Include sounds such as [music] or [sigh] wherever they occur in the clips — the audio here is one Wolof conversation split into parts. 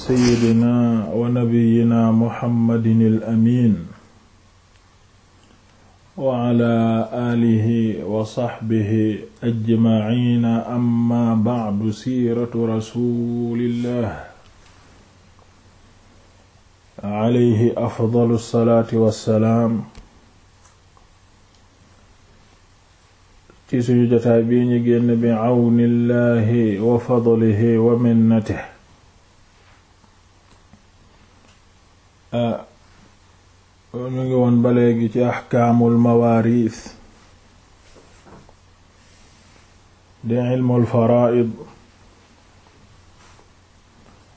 seydina wa nabiyina muhammadin al amin wa ala aalihi wa saxbihi ajmaciina amma bacdu siiratu rasulillah alayhi afdalu salaati wassalaam ci suñu jotaay bii ñu génn bi cawnillahi wa fadlihi wa minnatihi Ah, ñu ngi woon balee léegi ci axkaamul mawaaris di ilmul faraaid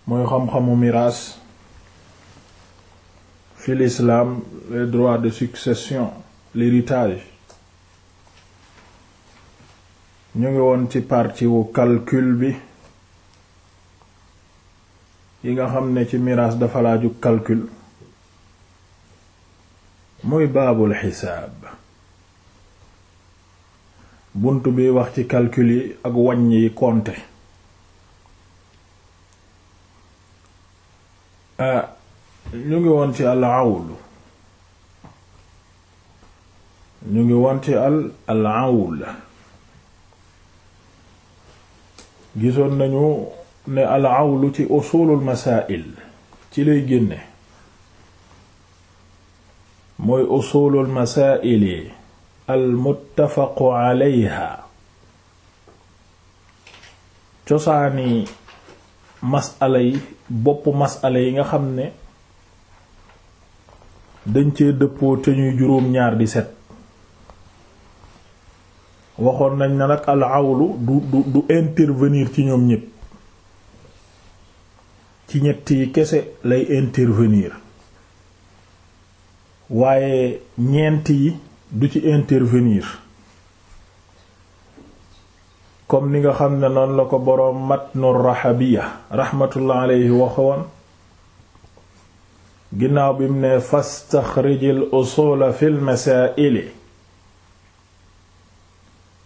mooy xam-xamu miraas fi l'islam les droits de succession l'héritage ñu ngi woon ci partiwu wu calcul bi yi nga xam ne ci miraas defalaaju laaju calcul muy baabul xisaab bunt bi wax ci calcul yi ak wàññ yi compter ah ñu ngi woon ci al ngi woon ci al al awl gisoon nañu ne al awlu ci usulul masaa'il ci lay génne mooy usulul masaa'ili almuttafaqu alayha cosaani masala yi bopp masala yi nga xam ne dañ cee dëppoo te ñuy juróom ñaar di set waxoon nañ na nag al awlu du intervenir ci ñoom ñépp ci ñett kese lay intervenir waaye ñeent yi du ci intervenir comme ni nga xam ne noonu la ko boroom matnu rahabiya rahmatullah alayhi waxoon ginnaaw bi mu ne fastaxrijil usula fil masaa'ili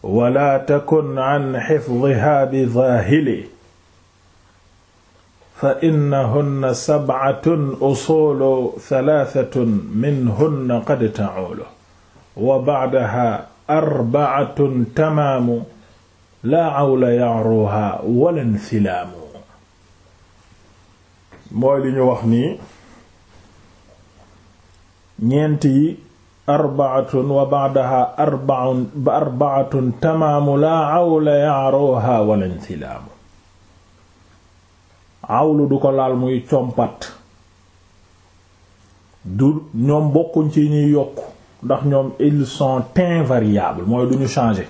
wala takun an xifdiha bi zaahili fa innahunna sab'atun usuulu thalaatatun minhunna qad ta'uulu wa ba'dahaa arba'atun tamaamu laa awla ya'ruuhaa wala nsilaamu mooy li ñu wax nii ñeent yi arba'atun wa ba'dahaa arba'atun tamaamu laa awla ya'ruuhaa wala nsilaamu awlu du ko laal muy compat du ñoom bokkuñ ci ñuy yokk ndax ñoom ils sont variable mooy duñu changer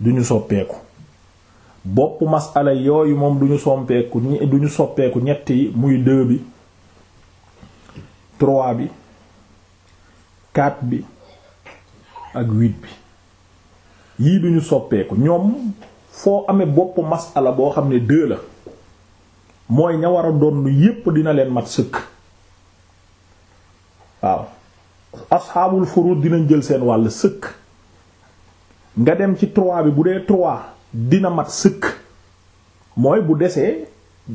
duñu soppeeku bopp masala yooyu moom duñu soppeeku duñu soppeeku ñett yi muy bi trois bi quatre bi ak huit bi yii duñu soppeeku ñoom foo amee bopp masala boo xam ne deux la mooy ña war a doon yépp dina leen mat sëkk waaw asxaabul furud dinañ jël seen wàll sëkk nga dem ci troit bi bu dee troit dina mat sëkk mooy bu desee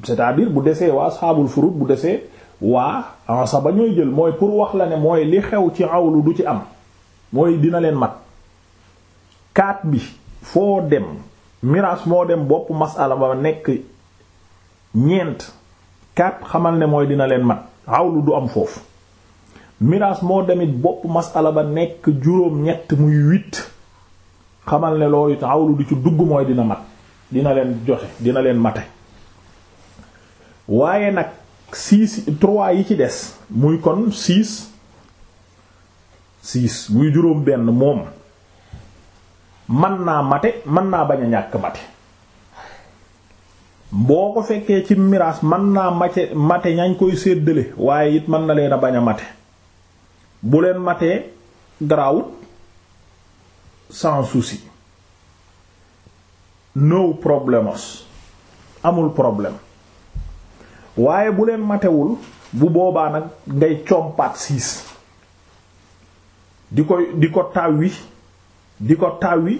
c'est-à-dire bu desee waa asxaabul furud bu desee waa ansa ba ñooy jël mooy pour wax la ne mooy li xew ci awlu du ci am mooy dina leen mat quatre bi foo dem miraas moo dem bopp masala ba nekk ñeent quatre xamal ne mooy dina leen mat awlu du am foofu miraas moo demit bopp masala ba nekk juróom ñett muy huit xamal ne loolu du ci dugg mooy dina mat dina leen joxe dina leen mate waaye nag six trois yi ci des muy kon six six muy juróom benn moom man naa mate man naa bañ a ñàkk mate boo ko fekkee ci miraas mën naa mate mate ñañ koy séddale waaye it mën na leen a bañ a mate bu leen matee garaawut sans souci no problemos amul problème waaye bu leen matewul bu boobaa nag ngay compaat siis di koy di ko tàwwi di ko tàwwi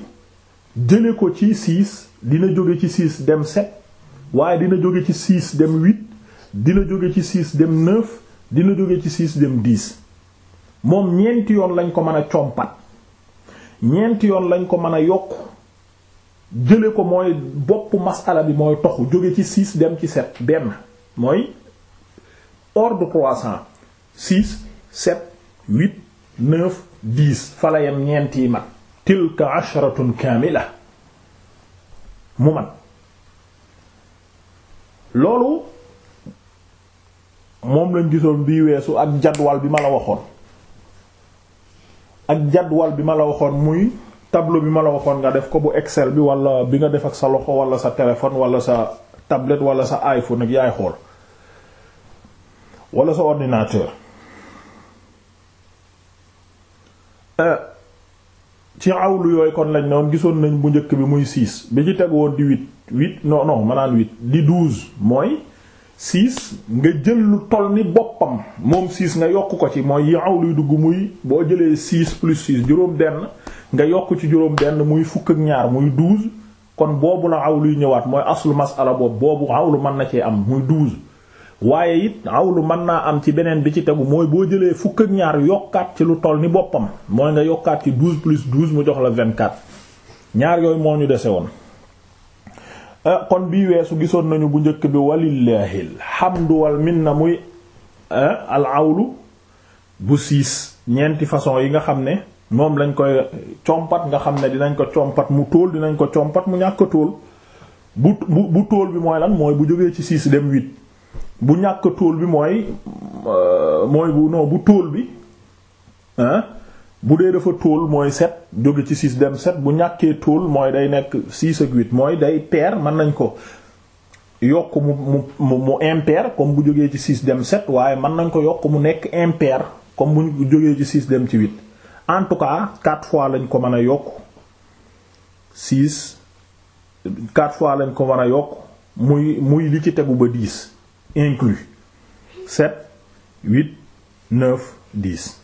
jële ko ci siis dina jóge ci siis dem set waaye dina jóge ci six dem huit dina jóge ci six dem dina jóge ci six dem dix moom ñeenti yoon lañ ko mën a compat ñeenti yoon lañ ko mën a yokk jële ko mooy bopp masala bi mooy toxu jóge ci six dem ci sept benn mooy ordre croissant six sept huit neuf dix falayam ñeent yi mat tilka asharatun kaamila mu man loolu moom lañ gisoon bi weesu ak jadwal bi ma la waxoon ak jadwal bi ma la waxoon muy tableau bi ma la waxoon nga def ko bu Excel bi wala bi nga def ak sa loxo wala sa téléphone wala sa tablette wala sa iPhone ak yaay xool wala sa ordinateur. Euh, ci awlu yooyu kon lañ ne gisoon nañ bu njëkk bi muy 6 bi ci teg woon di 8 8 non non maanaam di 12 mooy 6 nga jël lu toll ni boppam moom 6 nga yokk ko ci mooy yi awlu yu dugg muy boo jëlee 6 plus 6 juróom benn nga yokk ci juróom benn muy fukk ak ñaar muy 12 kon boobu la awlu yu ñëwaat mooy aslu masala boobu boobu awlu mën na cee am muy 12 waaye it awlu mën naa am ci beneen bi ci tegu mooy boo jëlee fukk ak ñaar yokkaat ci lu toll ni boppam mooy nga yokkaat ci 12 plus 12 mu jox la 24 ñaar yooyu moo ñu dese woon eh, kon bii weesu gisoon nañu bu njëkk bi xam alhamdu wal na muy eh, al awlu bu siis ñeenti façon yi nga xam ne moom lañ koy compat nga xam ne dinañ ko compat mu tóol dinañ ko compat mu ñàkk tóol bu bu tóol bi mooy lan mooy bu jógee ci siis dem 8 bu ñàkk tóol bi mooy euh, mooy bu noo bu tóol bi hein bu dee dafa tóol mooy sept jóge ci six dem sept bu ñàkkee tóol mooy day nekk six ak huit mooy day pair mën nañ ko yokk mu mu mu impair comme bu jógee ci six dem waaye mën nañ ko yokk mu nekk impair comme bu jógee ci six dem ci huit en tout cas quatre fois lañ ko mën a yokk six quatre fois lañ ko mën a yokk muy muy li ci tegu ba dix inclus 7 8 9 10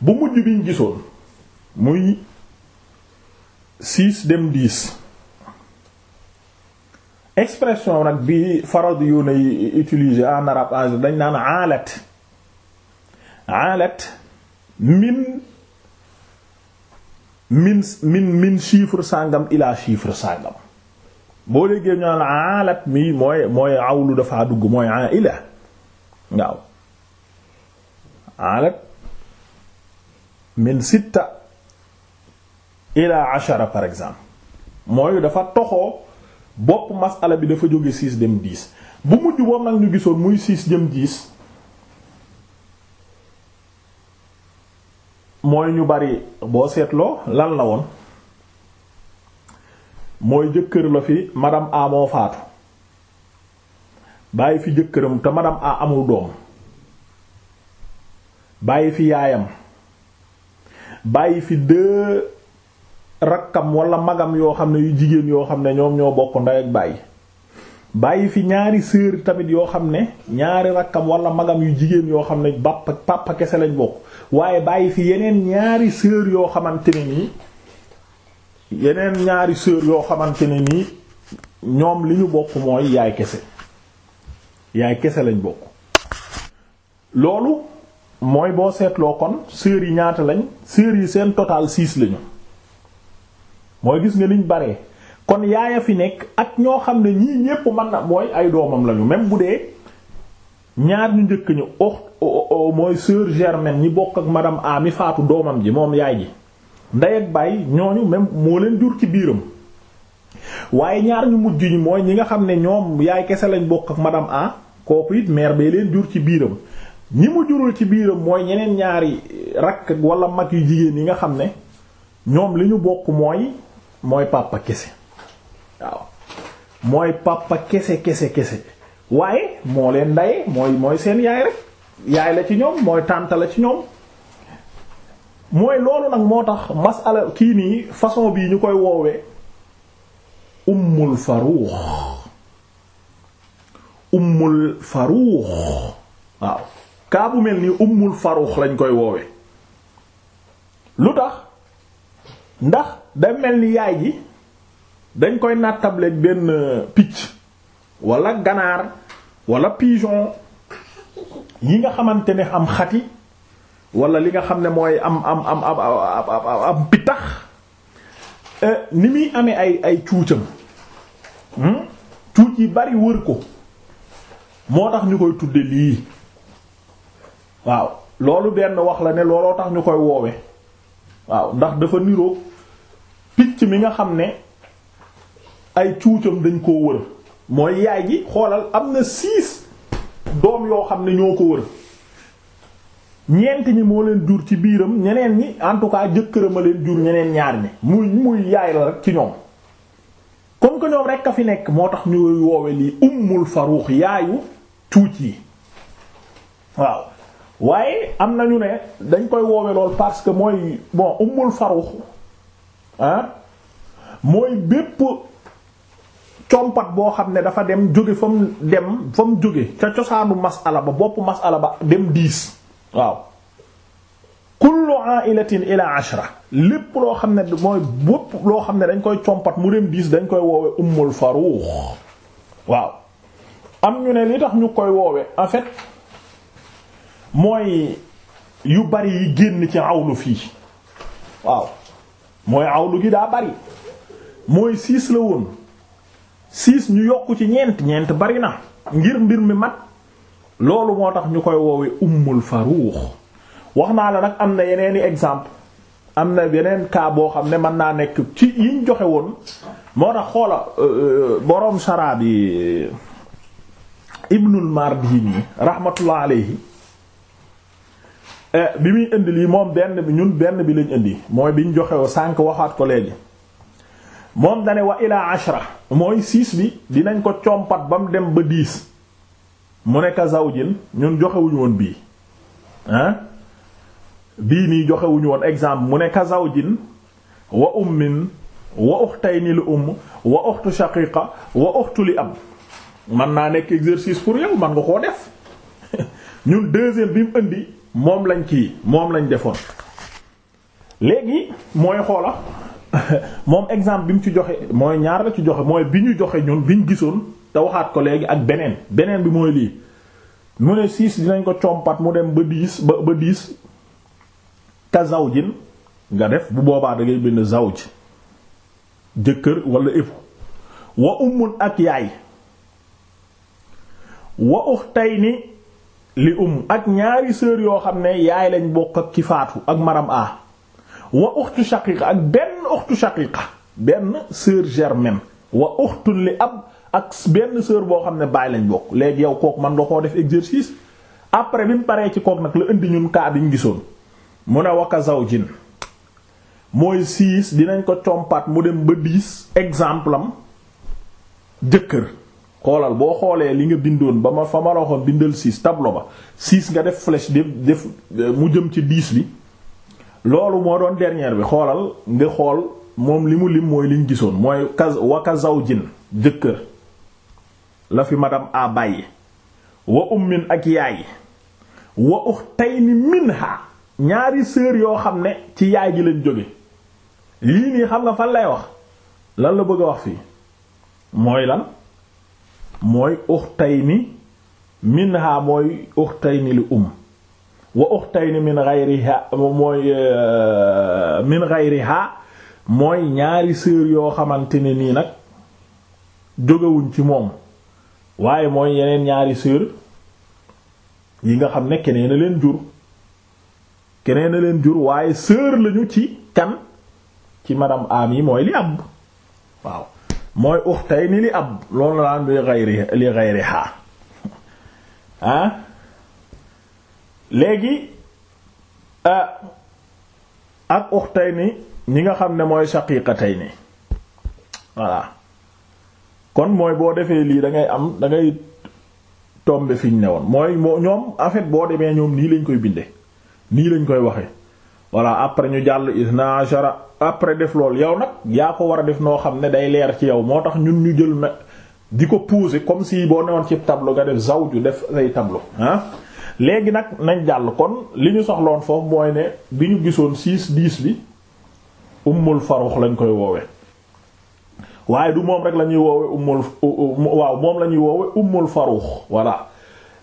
bu mujj biñ gisoon muy 6 dem 10 expression nag bi farad yu ne utilisé en arabe en dañ naan alat alat min min min min chiffre sàngam ila chiffre sàngam boo déggee ñu naan mi mooy mooy awlu dafaa dugg mooy aila waaw aalat min sitta ila ashara par exemple mooy dafa toxoo bopp masala bi dafa jóge six dem dix bu mujj boobu nag ñu gisoon muy six jëm dix mooy ñu bari boo seetloo lan la woon mooy jëkkër la fi madame A moo faatu bàyyi fi jëkkëram te madame A amul doom bàyyi fi yaayam bàyyi fi deux rakkam wala magam yoo xam ne yu jigéen yoo xam ne ñoom ñoo bokk ndey ak bàyyi bàyyi fi ñaari sœur tamit yoo xam ne ñaari rakkam wala magam yu jigéen yoo xam ne bàpp papa kese lañ bokk waaye bàyyi fi yeneen ñaari sœur yoo xamante ne nii yeneen ñaari sœur yoo xamante ne nii ñoom li ñu bokk mooy yaay kese yaay kese lañ bokk loolu mooy boo seetloo kon sœurs yi ñaata lañ sœurs yi seen total siis lañu mooy gis nga niñ bare kon yaaya fi nekk ak ñoo xam ne ñii ñépp mën mooy ay doomam lañu même bu dee ñaar ñu njëkk ñu ox oh, oh, oh, mooy sœur germaine ñi bokk ak madame a mi faatu doomam ji moom yaay ji ndey ak bàyyi ñooñu même moo leen jur ci biiram waaye ñaar ñu mujj ñi mooy ñi nga xam ne ñoom yaay kese lañ bokk ak madame A kooku it mère bee leen jur ci biiram ñi mu jurul ci biiram mooy ñeneen ñaari rakk walla mag yu jigéen yi nga xam ne ñoom li ñu bokk mooy mooy papa kese waaw mooy papa kese kese kese waaye moo leen ndaye mooy mooy seen yaay rek yaay la ci ñoom mooy tànta la ci ñoom mooy loolu nag moo tax masala kii nii façon bii ñu koy woowee ummul faruux ummul faruux waaw kaa mel nii ummul faruux lañ koy woowee lu tax ndax day mel ni yaay ji dañ koy nattable benn picc walla ganaar walla pigeon yi nga xamante ne am xati wala li nga xam ne mooy am am am am am pitax euh, ni muy amee ay ay cuucam hmm? cuuc yi bari wër ko moo tax ñu koy tudde lii waaw loolu benn wax la ne looloo tax ñu koy woowe waaw ndax dafa niroog picc mi nga xam ne ay cuucam dañ koo wër mooy yaay ji xoolal am na six doom yoo xam ne ñoo ko wër ñeent ñi moo leen jur ci biiram ñeneen ñi en tout cas jëkkëram a leen jur ñeneen ñaar ñi muy muy yaay la rek ci ñoom comme que ñoom rek a fi nekk moo tax ñu woowe lii ummul faruux yaayu tuuc yi waaw waaye am na ñu ne dañ koy woowe lool parce que mooy bon ummul faruux ah mooy bépp compat boo xam ne dafa dem jóge fa mu dem fa mu jóge ca cosaanu masala ba bopp masala ba dem diis waaw kullu ailatin ila ashra lépp loo xam ne mooy bopp loo xam ne dañ koy compat mu dem diis dañ koy woowe ummul faruux waaw am ñu ne li tax ñu koy woowe en fait mooy yu bari yi génn ci awlu fii waaw mooy awlu gi daa bari mooy six la woon six ñu yokk ci ñeent ñeent bari na ngir mbir mi mat loolu moo tax ñu koy woowee ummul faruux wax naa la nag am na yeneen i exemple am na yeneen cas boo xam ne mën naa nekk ci yiñ joxe woon moo tax xoola euh, euh, boroom shara bi Ibnul Mardini rahmatullah alayhi eh, bi muy indi lii moom benn bi ñun benn bi lañ indi mooy biñ joxe woon sànq waxaat ko léegi moom dane wa ilaa ashra mooy siis bi dinañ ko compat ba mu dem ba diis mu ne ka zawjin ñun joxewuñu woon bii bii nii joxewuñu woon exemple mu ne ka zawjin wa ummin wa ukhtayni li umm wa ukhtu shaqiqa wa ukhtu li am man naa nekk exercice pour yow man nga koo def [laughs] ñun deuxième bi mu indi moom lañ kii moom lañ defoon léegi mooy xoola [laughs] moom exemple bi mu ci joxe mooy ñaar la ci joxe mooy bi ñu joxe ñun bi ñu gisoon te waxaat ko léegi ak beneen beneen bi mooy lii mu ne six dinañ ko compat mu dem ba dix ba ba dix ka zawjin nga def bu boobaa da ngay bind zawj jëkkër walla époux wa ummun ak yaay wa ukhtayni li um ak ñaari sœur yoo xam ne yaay lañ bokk ak ki faatu ak maram a wa uxtu shaqiqa ak benn uxtu shaqiqa benn sœur germaine wa uxtun li ab ak benn sœur boo xam ne bàyyi lañ bokk léegi yow kook man nga koo def exercice après bi mu paree ci kook nag la indi ñun kaa bi ñu gisoon mu a waka zawjin mooy siis dinañ ko compat mu dem ba dix exemple am jëkkër xoolal boo xoolee li nga bindoon ba ma fa ma waxoon bindal six tableau ba six nga def flèche def def euh, mu jëm ci diis bi loolu moo doon dernière bi xoolal nga xool moom li mu lim mooy liñ gisoon mooy ka waka zawjin jëkkër la fi madame a bàyyi wa ummin ak yaay wa ukhtayni minha ñaari sœur yoo xam ne ci yaay ji lañ jóge lii nii xam nga fan lay wax lan la bëgg a wax fii mooy lan mooy ukhtayni minha mooy ukhtayni li um wa ukhtayni min euh, min ghayriha mooy ñaari sœur yoo xamante ne nii nag jógewuñ ci moom waaye mooy yeneen ñaari sœur yi nga xam ne keneen a leen jur keneen a leen jur waaye sœur lañu ci kan ci madame am yi mooy li ab waaw mooy uxtay ni li ab loolu laan li xayri li xayri xaa [laughs] ah? léegi ah, ak uxtay ni ñi nga xam ne mooy shaqiiqatay ni voilà kon mooy boo defee lii da ngay am da ngay tombe fi ñu ne woon mooy moo ñoom en boo demee ñoom nii lañ koy bindee nii lañ koy waxee voilà après ñu jàll isna ashara après def loolu yow nag yaa ko war a def noo xam ne day leer ci yow moo tax ñun ñu jël nag di ko poser comme sii boo newoon ci tableau nga def zawju def say tableau ah léegi nag nañ jàll kon li ñu soxloon foofu mooy ne bi ñu gisoon 6 10 bi ummul faruux lañ koy woowe waaye du moom rek la ñuy woowe ummul waaw moom la ñuy woowe umul faruux voilà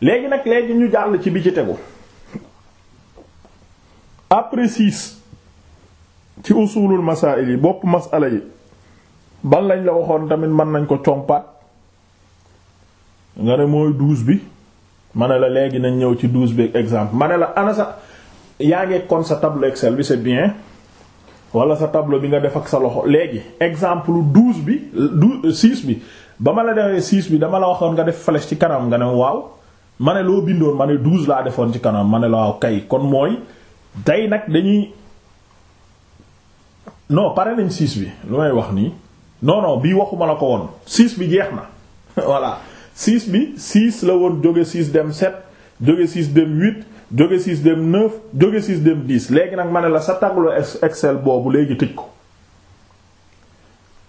léegi nag léegi ñu jàll ci bi ci tegu après six ci usulul masail yi bopp masala yi ban lañ la waxoon tamit mën nañ ko compaat nga ne mooy douze bi ma ne la léegi nañ ñëw ci douze bi exemple ma ne la ana sa yaa ngi kon sa table Excel bi c'est bien wala sa tableau bi nga def ak sa loxo léegi exemple douze bi douze six bi ba ma la demee six bi dama la waxoon nga def flèche ci kanam nga ne waaw ma ne loo bindoon ma ne douze laa defoon ci kanam ma ne la waaw kay kon mooy day nag dañuy non pare nañ six bi lu may wax nii non non bii waxuma la ko woon six bi jeex na [laughs] voilà six bi six la woon jóge six dem sept jóge six dem huit. jóge 6 dem 9 jóge 6 dem 10 léegi nag ma ne la sa tableau Excel boobu léegi tëj ko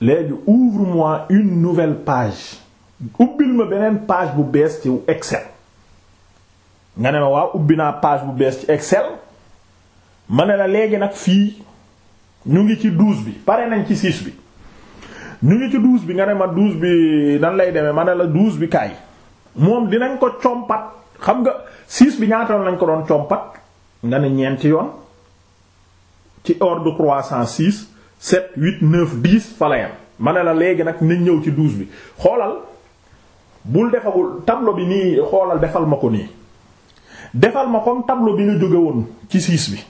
léegi ouvre-moi une nouvelle page ubbil ma beneen page bu bees ci Excel nga ne ma waaw ubbi naa page bu bees ci Excel ma ne la léegi nag fii ñu ngi ci 12 bi pare nañ ci 6 bi ñu ngi ci 12 bi nga ne ma 12 bi nan lay demee ma ne la 12 bi kaay moom dinañ ko compat xam nga six bi ñaata yoon lañ ko doon compat nga ne ñeenti yoon ci ordre croissant six sept huit neuf dix fa ma ne la léegi nag nañ ñëw ci douze bi xoolal bul defagul tableau bi nii xoolal defal ma ko nii defal ma comme tableau bi nga jóge woon ci six bi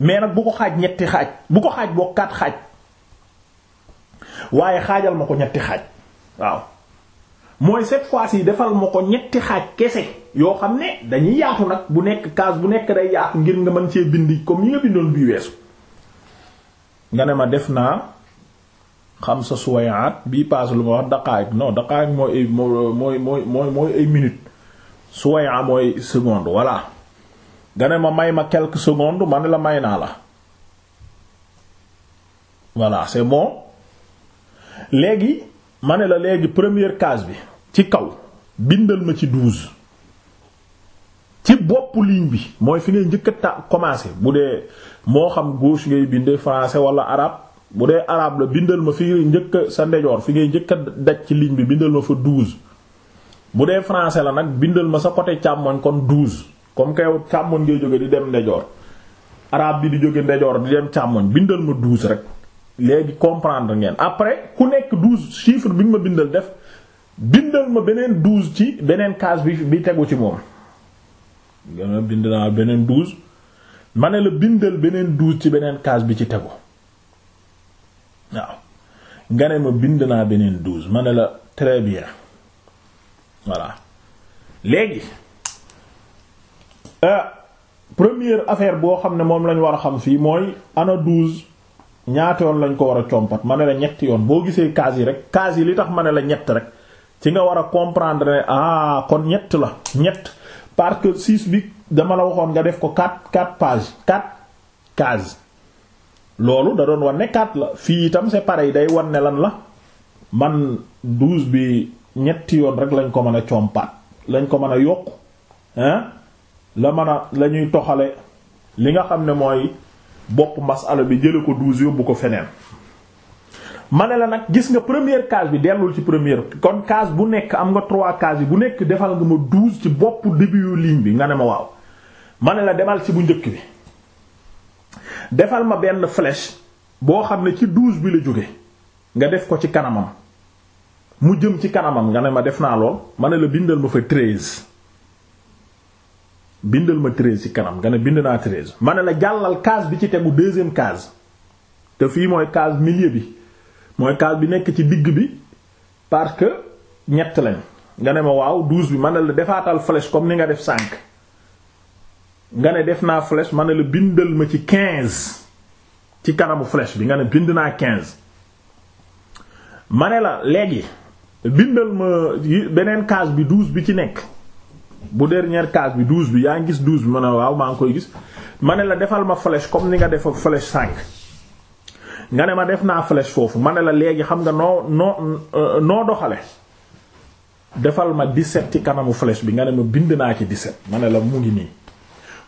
mais nag bu ko xaaj ñetti xaaj bu ko xaaj boo quatre xaaj waaye xaajal ma ko ñetti xaaj waaw mooy set fois yi defal ma ko ñetti xaaj kese yoo xam ne dañuy yaatu nag bu nekk case bu nekk day yaatu ngir nga man cee bind comme yi nga bindoon bi weesu nga ne ma def naa xam sa suwayaat bii paase lu ma wax daqaayik non daqaayik mooy ay mooy mooy mooy mooy ay minutes suwayaa mooy seconde voilà nga ne ma may ma quelques secondes ma ne la may naa la voilà c'est bon léegi ma ne la léegi première case bi ci kaw bindal ma ci douze ci bopp ligne bi mooy fi ngay njëkk a ta commencé bu dee moo xam gauche ngay binde français wala arabe bu dee arabe la bindal ma fi njëkk sa ndejoor fi ngay njëkk a daj ci ligne bi bindal ma fa douze bu dee français la nag bindal ma sa côté càmmoñ kon douze comme que yow càmmoñ ngay jóge di dem ndejoor arabe bi di jóge ndejoor di dem càmmoñ bindal ma douze rek léegi comprendre ngeen après ku nekk douze chiffre bi ma bindal def bindal ma beneen douze ci beneen case bi bi tegu ci moom nga beneen douze ma ne la bindal beneen douze ci beneen case bi ci tegu waaw ma bind naa beneen douze ma ne la très bien voilà léegi euh, première affaire boo xam ne moom lañu war a xam fii mooy ana douze ñaata yoon lañ ko war a compat ma ne la ñetti yoon boo gisee kaas yi rek kaas yi li tax ma ne la ñett rek ci nga war a comprendre ne ah kon ñett la ñett parce que 6 bi dama la waxoon nga def ko 4 4 pages 4 cases loolu da doon wan ne 4 la fii itam c'est pareil day wan ne lan la man 12 bi ñetti yoon rek lañ ko mën a compat lañ ko mën a yokk hein la mën a la ñuy toxale li nga xam ne mooy. bopp masala bi jële ko douze yóbbu ko feneen ma ne la nag gis nga première case bi dellul ci première kon kaas bu nekk am nga trois cases yi bu nekk defal nga ma douze ci bopp début yu bi nga ne ma waaw ma ne la demal ci bu njëkk bi defal ma benn flèche boo xam ne ci douze bi la jóge nga def ko ci kanamam mu jëm ci kanamam nga ne ma def naa lool ma ne la bindal ma fa treize bindal ma treize ci kanam nga ne bind naa treize ma ne la jàllal case bi ci tegu deuxième case te fii mooy case millier bi mooy kaas bi nekk ci digg bi parce que ñett lañ nga ne ma waaw douze bi ma la defaatal flèche comme ni nga def cinq nga ne def naa flèche ma ne la bindal ma ci quinze ci kanamu flèche bi nga ne bind naa quinze mane la léegi bindal ma beneen case bi douze bi ci nekk bu dernière case bi douze bi yaa ngi gis douze bi ma ne waaw maa ngi koy gis ma ne la defal ma flèche comme ni nga def flèche cinq nga ne ma def naa flèche foofu ma ne la léegi xam nga noo noo euh, noo doxale defal ma 17 ci kanamu flèche bi nga ne ma bind naa ci 17 ma ne la mu ngi nii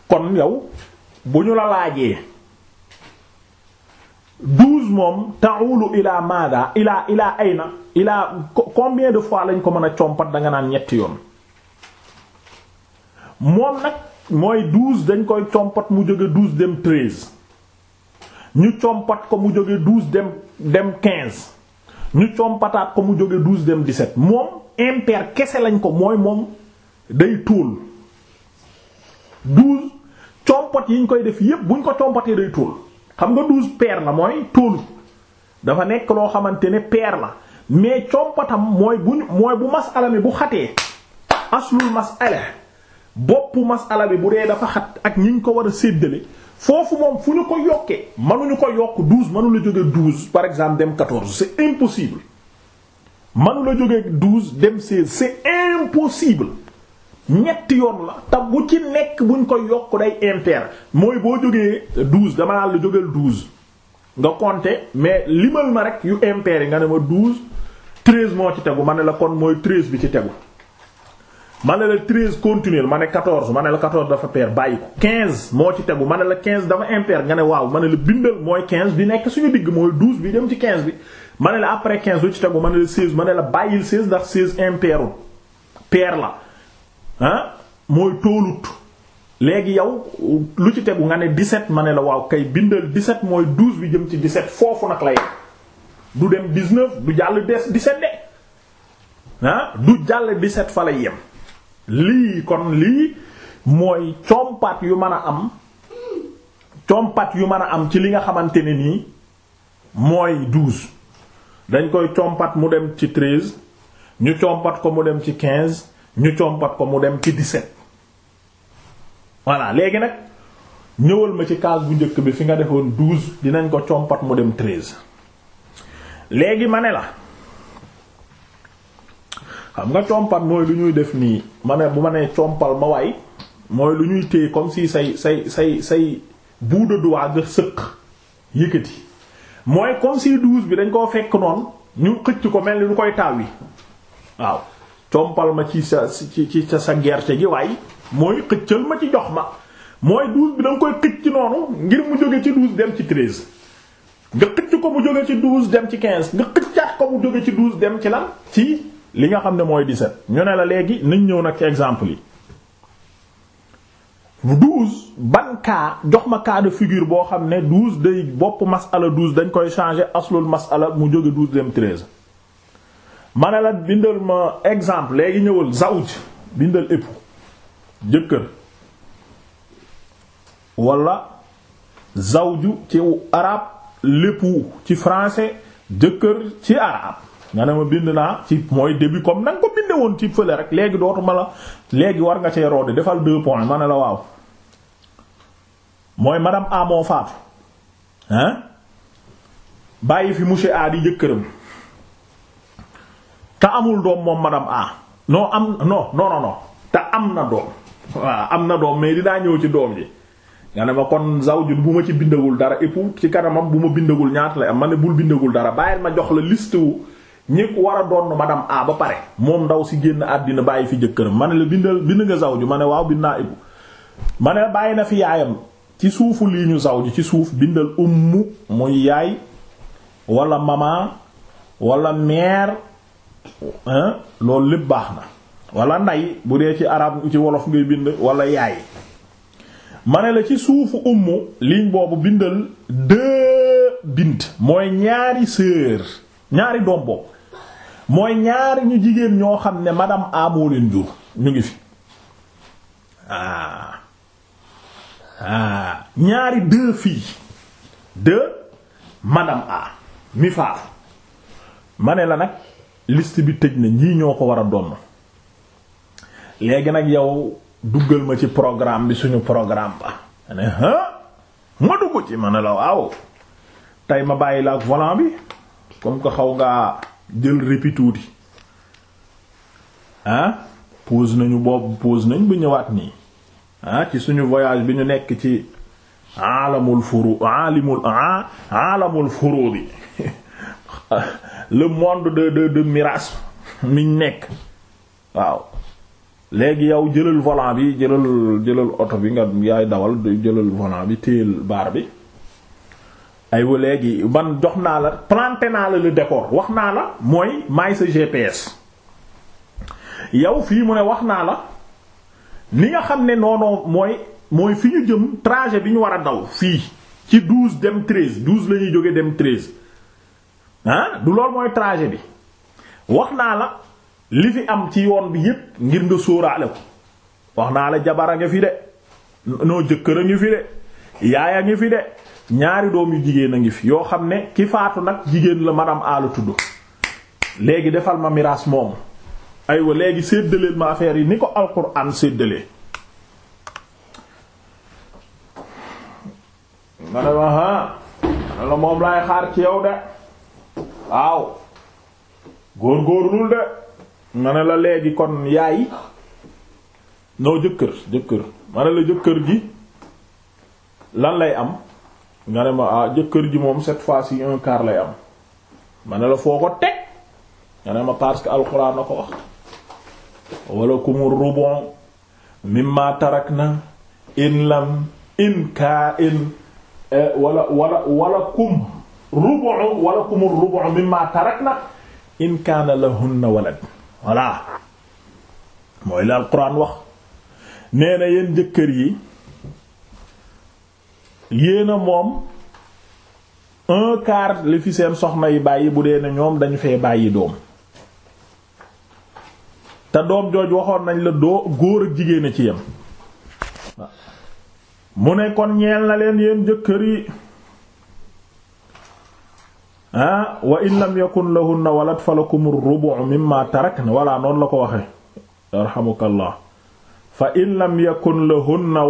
kon yow bu ñu la laajee 12 moom ta'ulu ila maada ila ay na ila combien de fois lañ ko mën a compat da nga naan ñetti yoon moom nag mooy douze dañ koy compat mu jóge douze dem treize ñu compat ko mu jóge douze dem dem quinze ñu compataat ko mu jóge douze dem dix-sept moom impair kese lañ ko mooy moom day tóol douze compat yi ñu koy def yépp buñ ko compatee day tóol xam nga douze paire la mooy tóolu dafa nekk loo xamante ne paire la mais compatam mooy buñ mooy bu masala mi bu xatee aslul masala boppu masala bi bu dee dafa xat ak ñu ñu ko war a séddale foofu moom fu ñu ko yokkee mënuñu ko yokk douze mënu la jóge douze par exemple dem quatorze c'est impossible mënu la jóge douze dem seize c'est impossible ñetti yoon la te bu ci nekk buñ ko yokk day impair mooy boo jógee douze dama naan la jógeel douze nga compter mais limal ma rek yu impair yi nga ne ma douze treize moo ci tegu ma ne la kon mooy treize bi ci tegu ma ne la treize continuer ma ne quatorze ma ne la quatorze dafa pair bàyyi quinze moo ci tegu ma ne la quinze dafa impair nga ne waaw ma la bindal mooy quinze bi nekk suñu digg mooy douze bi dem ci quinze bi ma ne la après quinze lu ci tegu ma ne la seize ma ne la bàyyil seize ndax seize impairul pair la ah mooy toolut léegi yow lu ci tegu nga ne 17 ma ne la waaw kay bindal 17 mooy 12 bi jëm ci 17 foofu nag lay du dem 19 du jàll des 17 de ah, du jàll 17 fa lay yem lii kon lii mooy compat yu mën a am compat yu man a am ci li nga xamante ne nii mooy douze dañ koy compat mu dem ci treize ñu compat ko mu dem ci quinze ñu compat ko mu dem ci dix-sept léegi nag ñëwal ma ci case bu njëkk bi fi nga defoon douze dinañ ko compat mu dem treize léegi ma ne la xam nga compal mooy lu ñuy def nii ma ne bu ma nee compal ma waay mooy lu ñuy téye comme si say say say say bout de doigt nga sëq yëkkati mooy comme si bi dañ koo fekk noonu ñu xëcc ko mel ni koy taaw yi waaw compal ma ci sa ci ci sa gerte gi waay mooy xëccal ma ci jox ma mooy douze bi da nga koy xëcc noonu ngir mu jóge ci douze dem ci treize nga xëcc ko mu jóge ci douze dem ci quinze nga xëccaat ko mu jóge ci douze dem ci lan ci li nga xam ne mooy 17 ñu ne la léegi nañ ñëw nag ci exemple yi 12 ban jox ma cas de boo xam ne 12 day bopp masala 12 dañ koy changer aslul masala mu jóge 12 dem 13 ma ne la bindal ma exemple léegi ñëwal zawj bindal époux jëkkër wala zawju ci arab l'époux ci français jëkkër ci arab nga ne ma bind naa ci mooy début comme na nga ko binde ci fële rek léegi dootuma la léegi war nga cee roode defal deux points ma ne la waaw mooy madame A moo faatu hein bàyyi fi monsieur A di jëkkëram te amul doom moom madame A non am no non te am na doom waaw am na doom mais dinaa ñëw ci doom ji nga ne ma kon zawjun bu ma ci bindagul dara époux ci kanamam bu ma bindagul ñaata la am ma ne bul bindagul dara bàyyil ma jox la liste wu ñi war a doon madame A ba pare moom ndaw si génn àddina bàyyi fi jëkkëram ma ne la bindal bind nga zawju ma ne waaw bind naa ibu ma ne bàyyi na fi yaayam ci suufu lii ñu zawju ci suuf bindal ummu muy yaay wala maman wala mère loolu lépp baax na wala nday bu dee ci arab ci wolof ngay bind wala yaay ma la ci suufu ummu ligne boobu bindal deux bind mooy ñaari sœur ñaari doom boobu mooy ñaari ñu jigéen ñoo xam ne madame A moo leen jur ñu ngi fi ah. Ah. ñaari deux filles de madame A mi faatu ma ne la nag liste bi tëj na ñii ñoo ko war a doon léegi nag yow duggal ma ci programme bi suñu programme ba ma ma dugg ci ma ne la waaw tey ma bàyyi la ak volant bi. comme que xaw ngaa jël répit tuuti ah pause nañu boobu pause nañ bu ñëwaat nii ah ci suñu voyage bi ñu nekk ci alamul furu alimul ah alamul furu bi [laughs] le monde de de de miraas miñ nekk waaw léegi yow jëlal volant bi jëlal jëlal oto bi nga yaay dawal jëlal volant bi téyel baar bi. aywa léegi ban jox naa la planté naa la le décor wax naa la mooy maay sa GPS yow fii mu ne wax naa la li nga xam ne noonu mooy mooy fi ñu jëm trajet bi ñu war a daw fii ci douze dem treize douze la ñuy jóge dem treize ah du loolu mooy trajet bi wax naa la li fi am ci yoon bi yépp ngir nga sóoraale ko wax naa la jabar a ngi fi de noo jëkkër a ngi fi de yaay a ngi fi de ñaari doom yu jigéen a ngi fi yoo xam ne ki faatu nag jigéen la madame A la tudd léegi defal ma miraas moomu aywa léegi séddaleel ma affaire yi ni ko alxuraan séddalee ma ne ha ma ah, la moom lay xaar ci yow de waaw góor-góorlul de ma la léegi kon yaay noo jëkkër jëkkër ma la jëkkër gi lan lay am nga ne ma ah, jëkkër ji moom cette fois-ci un quart lay am ma la foo ko teg nga ne ma parce que alxuraan na ko wax eh, wala kumu rubon kum rubu wala kumu rubu mimma in kaana lahunna walad voilà mooy la alxuraan wax nee na jëkkër yi yéen moom un quart li fi seen soxna yi bàyyi bu dee ne ñoom dañu fee bàyyi doom te doom jooj waxoon nañ la doo góor ak jigéen a ci yem mu ne kon ñeel na leen yéen jëkkër yi ah wa in lam yakun lahunna walad falakum ar-rubu' mimma tarakna walla noonu la ko waxe yarhamukallah fa in lam yakun lahunna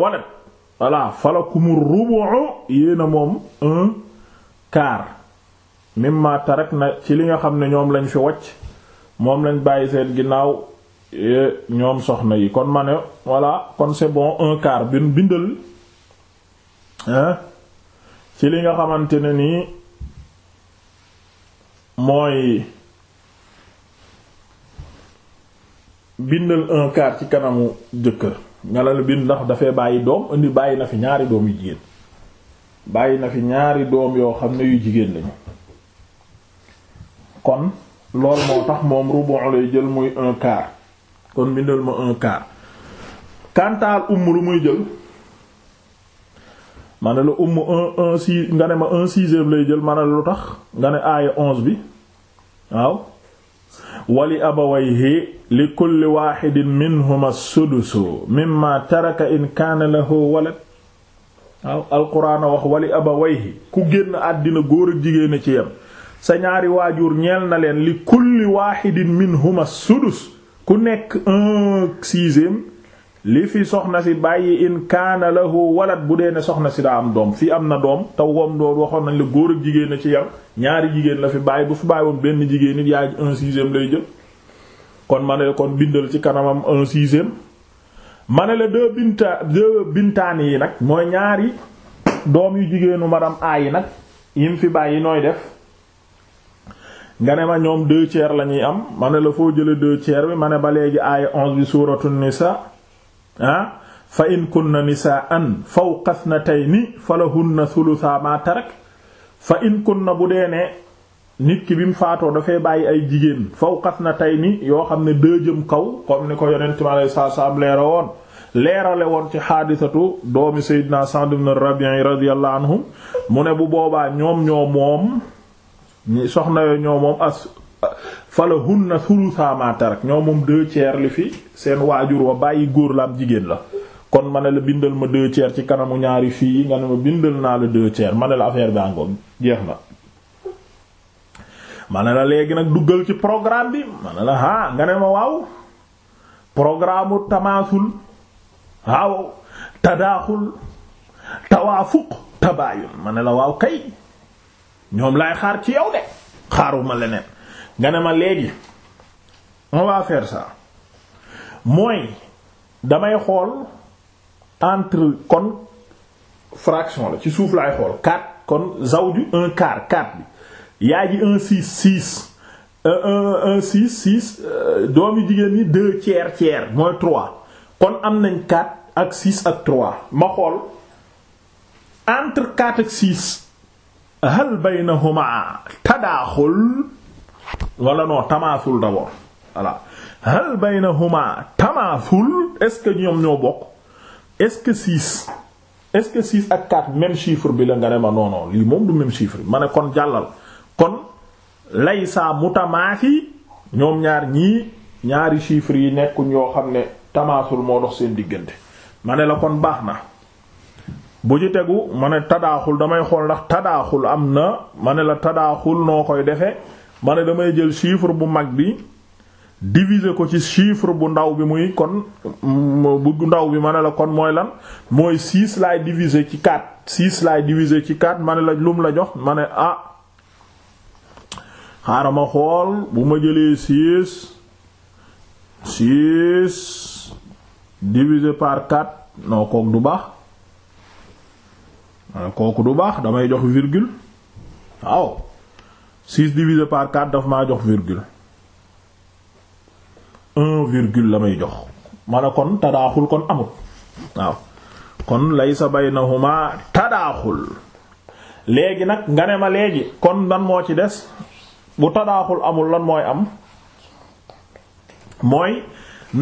voilà falakumu rubu'u yéena moom un quart rek tarakna ci li nga xam ne ñoom lañ fi wacc moom lañ bàyyi seen ginnaaw ñoom soxna yi kon ma ne voilà kon c'est bon un quart bin bindal hein ci li nga xamante ne nii mooy bindal un quart ci kanamu jëkkër ña la bind ndax dafay bàyyi doom indi bàyyi na fi ñaari doom yu jigéen bàyyi na fi ñaari doom yoo xam ne yu jigéen lañu kon loolu moo tax moom rubu lay jël muy un quart kon bindal ma un quart kantaal umm lu muy jël ma ne la umm un un six nga ne ma un sixième lay jël ma lu tax nga ne aaya onze bi waaw wali abawayhi li kulli waaxidin minhuma sudusu mimma taraka in kaana lahu walad waaw alquraan wax wali abawayhi ku génn àddina góor ak jigéen a ci yem sa ñaari waajur ñeel na leen li kulli waaxidin minhuma sudus ku nekk un sixième li fi soxna si bàyyi in kaana lahu walad bu dee ne soxna si daa am doom fii am na doom te woom doon waxoon nañ la góor ak jigéen na ci yam ñaari jigéen la fi bàyyi bu fi bàyyi woon benn jigéen nit yaa un sixième lay jël ci kanamam un sixième la deux binta yi nag mooy ñaari doom yu jigéenu madame A yi nag yim fi bàyyi nooy def nga ne ma ñoom deux tiers la am ma ne la foo jële deux tiers bi ma ne ba léegi aaya onze bi suuratu nisa ah fa in kunna na fawqa thnatayni falahunna na ma tarak fa in na bu dee ne nit ki bi mu faatoo dafay bàyyi ay jigéen fow na fawqa thnatayni yoo xam ne deux kaw comme ni ko yonent mi alayhi salaatu salaam leera woon leerale woon ci xaadisatu doomi Seydina Sa'd ibn Rabi'i radiyallahu anhum mu ne bu boobaa ñoom ñoo moom soxna yoo ñoo as falahunna thulutha ma tarak ñoo moom deux tiers li fi seen waajur wa bàyyi góor la am jigéen la kon ma ne la bindal ma deux tiers ci kanamu ñaari fii yi nga ne ma bindal naa la deux tiers ma ne la affaire bi àngoog jeex na ma ne la léegi nag duggal ci programme bi ma ne la ah nga ne ma waaw programme tamaasul waaw tadaaxul tawaafuq tabaayun ma ne la waaw kay ñoom lay xaar ci yow de xaaruma leneen nga ne ma léegi on va faire ça mooy damay xool entre kon fraction la ci suuf laay xool 4 kon zawju un quart 4 bi yaay ji un six six euh, un un six six euh, jigéen ñi deux tiers tiers mooy 3 kon am nañ 4 ak 6 ak 3 ma xool entre 4 ak 6 hal baynahuma tadaaxul wala non tamaasul d'abord voilà hal baynahuma tamaasul est-ce que ñoom ñoo bokk est-ce que 6 est-ce que 6 ak 4 même chiffre bi la nga ne ma non non lii moom du même chiffre ma ne kon jàllal kon laysa mutamaafi ñoom ñaar ñii ñaari chiffres yi nekkuñ yoo xam ne tamaasul moo dox seen diggante ma ne la kon baax na bu ci tegu ma ne tadaaxul damay xool ndax tadaaxul am na ma ne la tadaaxul noo koy defee. ma ne damay jël chiffre bu mag bi diviser ko ci chiffre bu ndaw bi muy kon mm, bu ndaw bi ma ne la kon mooy lan mooy 6 laay diviser ci 4 6 laay diviser ci 4 ma ne la lum la jox ma ne ah xaaral ma xool bu ma jëlee 6 6 diviser par 4 non kooku du baax kooku du baax damay jox virgule waaw. six divisé par quatre daf jox virgule un virgule la may jox ma ne kon tadaaxul kon amut waaw kon laysa baynahuma tadaaxul léegi nag nga ne ma léegi kon lan moo ci des bu tadaaxul amul lan mooy am mooy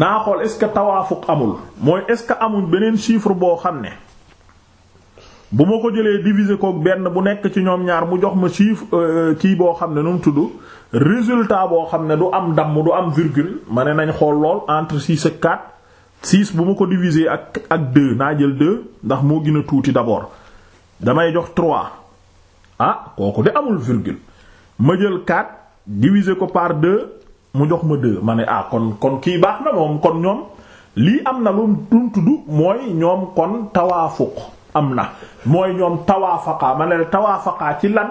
naa xool est-ce que tawaafuq amul mooy est-ce que amul beneen chiffre boo xam ne bu ma ko jëlee diviser ko benn bu nekk ci ñoom ñaar mu jox ma chiffre euh, kii boo xam ne nu mu tudd résultat boo xam ne du am damm du am virgule ma ne nañ xool lool entre 6 ak 4 6 bu ma ko diviser ak ak naa jël 2 ndax moo gën a tuuti d'abord damay jox 3 ah kooku di amul virgule ma jël 4 diviser ko par 2 mu jox ma 2 ma ne ah kon kon kii baax na moom kon ñoom lii am na lu mu tudd mooy ñoom kon tawaafuq am na mooy ñoom tawaafaqa ma ne tawaafaqa ci lan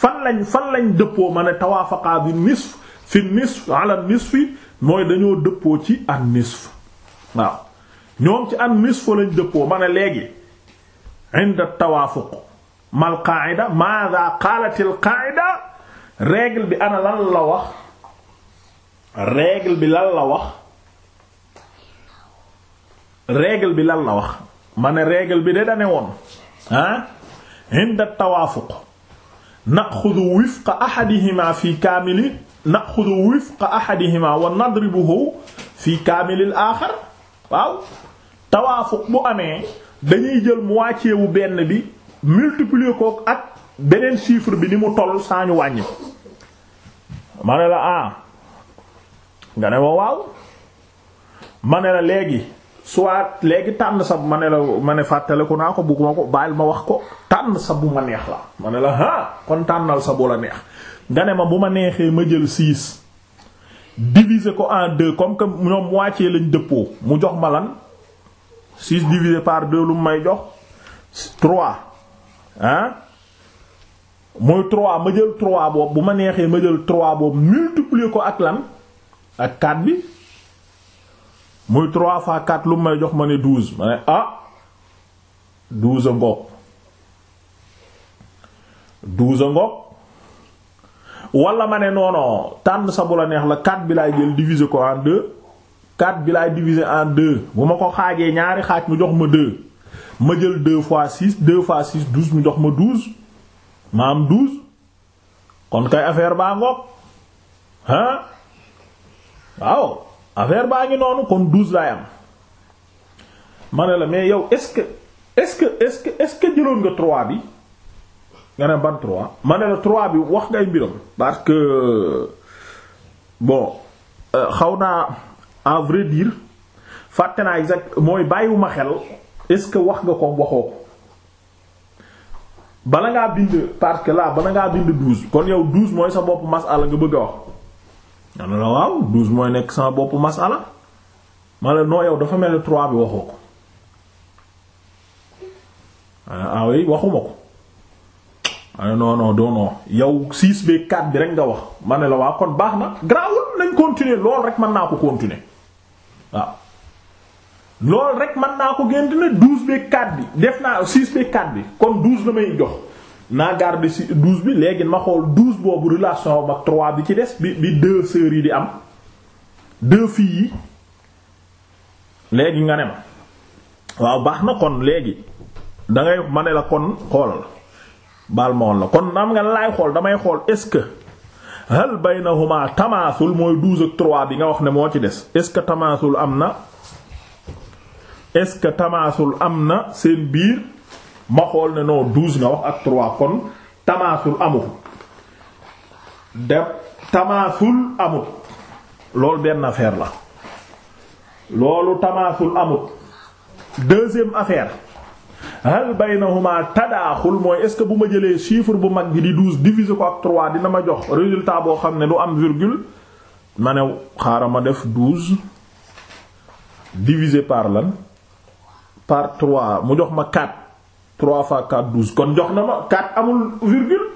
fan lañ fan lañ dëppoo ma ne tawaafaqa bi nisf fi nisf ala nisfi mooy dañoo dëppoo ci an nisf waaw ñoom ci an nisf lañ dëppoo ma ne léegi inda tawaafuq mal qaa'ida maadha qaalat al qaa'ida règle bi ana la wax règle bi lan la wax règle bi lan la wax ma ne règle bi de dane woon ah inda tawaafuq naxudu wifqa ahadihima fi kaamili naxudu wifqa ahadihima wa nadribuhu fi kaamilil aaxar waaw tawaafuq bu amee dañuy jël moitié wu benn bi multiplier ko ak beneen chiffre bi ni mu toll saa ñu wàññi ma la ah nga ne waaw ma la léegi soit léegi tànn sa bu ma ne la ma ne fàttaliku naa ko bugguma ko bàyyil ma wax ko tànn sa bu ma neex la ma ne la ah kon tànnal sa bu la neex nga ne ma bu ma neexee ma jël six diviser ko en deux comme que ñoom moitié lañ dëppoo mu jox ma lan six divisé par deux lu may jox trois ah mooy trois ma jël trois boobu bu ma neexee ma jël trois boobu multiplier ko ak lan ak quatre bi. muy trois fois quatre lu may jox ma ne douze ma ne ah douze a ngoog douze a ngoog wala ma ne noonon tànn sa bu neex la quatre bi laay jël diviser ko en deux quatre bi laay diviser en deux bu ma ko xaajee ñaari xaaj mu jox ma deux ma jël deux fois six deux fois six douze mu jox ma douze ma am douze kon kay affaire baa ngoog ah waaw affaire baa ngi noonu kon douze laay am ma ne la mais yow est-ce que est-ce que est-ce que est-ce que jëloon nga trois bi nga ne ban trois ma la trois bi wax ngay mbiram parce que bon euh, xaw naa en vrai dire fàtte naa exact mooy bàyyiwuma xel est-ce que wax nga ko waxoo ko bala ngaa bind parce que là bala ngaa bind douze kon yow douze mooy sa bopp masala nga bëgg a wax man la waaw douze mooy nekk sama bopp masala ma la noo yow dafa mel ne trois bi waxoo ko ah oui waxuma ko ah non non non non yow six ba bi rek nga wax ma ne la waa kon baax na garaawul nañ continuer lool rek mën naa ko continuer waaw loolu rek mën naa ko gént ne douze ba quatre bi def naa six ba quatre bi kon douze la may dox naa garder ci douze bi léegi ma xool douze boobu relation ak trois bi ci des bi bi deux sœurs yi di am deux filles yi léegi nga ne ma waaw baax na kon léegi dangay ma ne la kon xoolal baal ma woon la kon am nga laay xool damay xool est-ce que hal baynahuma tamaasul mooy douze ak trois bi nga wax ne moo ci des est-ce que tamaasul am na est-ce que tamaasul am na seen biir ma xool ne non douze nga wax ak trois kon tamaasul amut de tamaasul amut loolu benn affaire la loolu tamaasul amut deuxième affaire hal baynahuma tadaaxul mooy est-ce que bu ma jëlee chiffre bu mag bi di douze diviser ko ak trois dina ma jox résultat boo xam ne du am virgule ma ne xaaral ma def douze divisé par lan par trois mu jox ma quatre 3 fois 4 12 kon jox na ma 4 amul virgule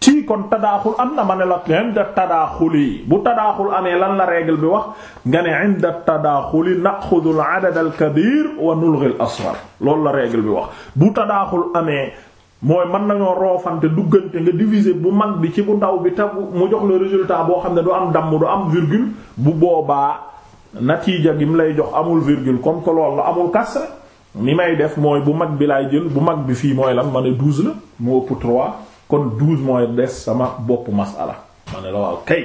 ci kon tadaaxul am na ma ne la inda tadaaxuli bu tadaaxul amee lan la règle bi wax nga ne inda tadaaxuli naxudu al adad al kabir loolu la règle bi wax bu tadaaxul amee mooy mën nañoo roofante duggante nga diviser bu mag bi ci bu ndaw bi te mu jox le résultat boo xam ne du am damm du am virgule bu boobaa natiija gi mu lay jox amul virgule comme que loolu la amul kasra ni may def mooy bu mag bi laay jël bu mag bi fii mooy lan ma ne douze la mu ëpp trois kon douze mooy des sama bopp masala ma la waaw kay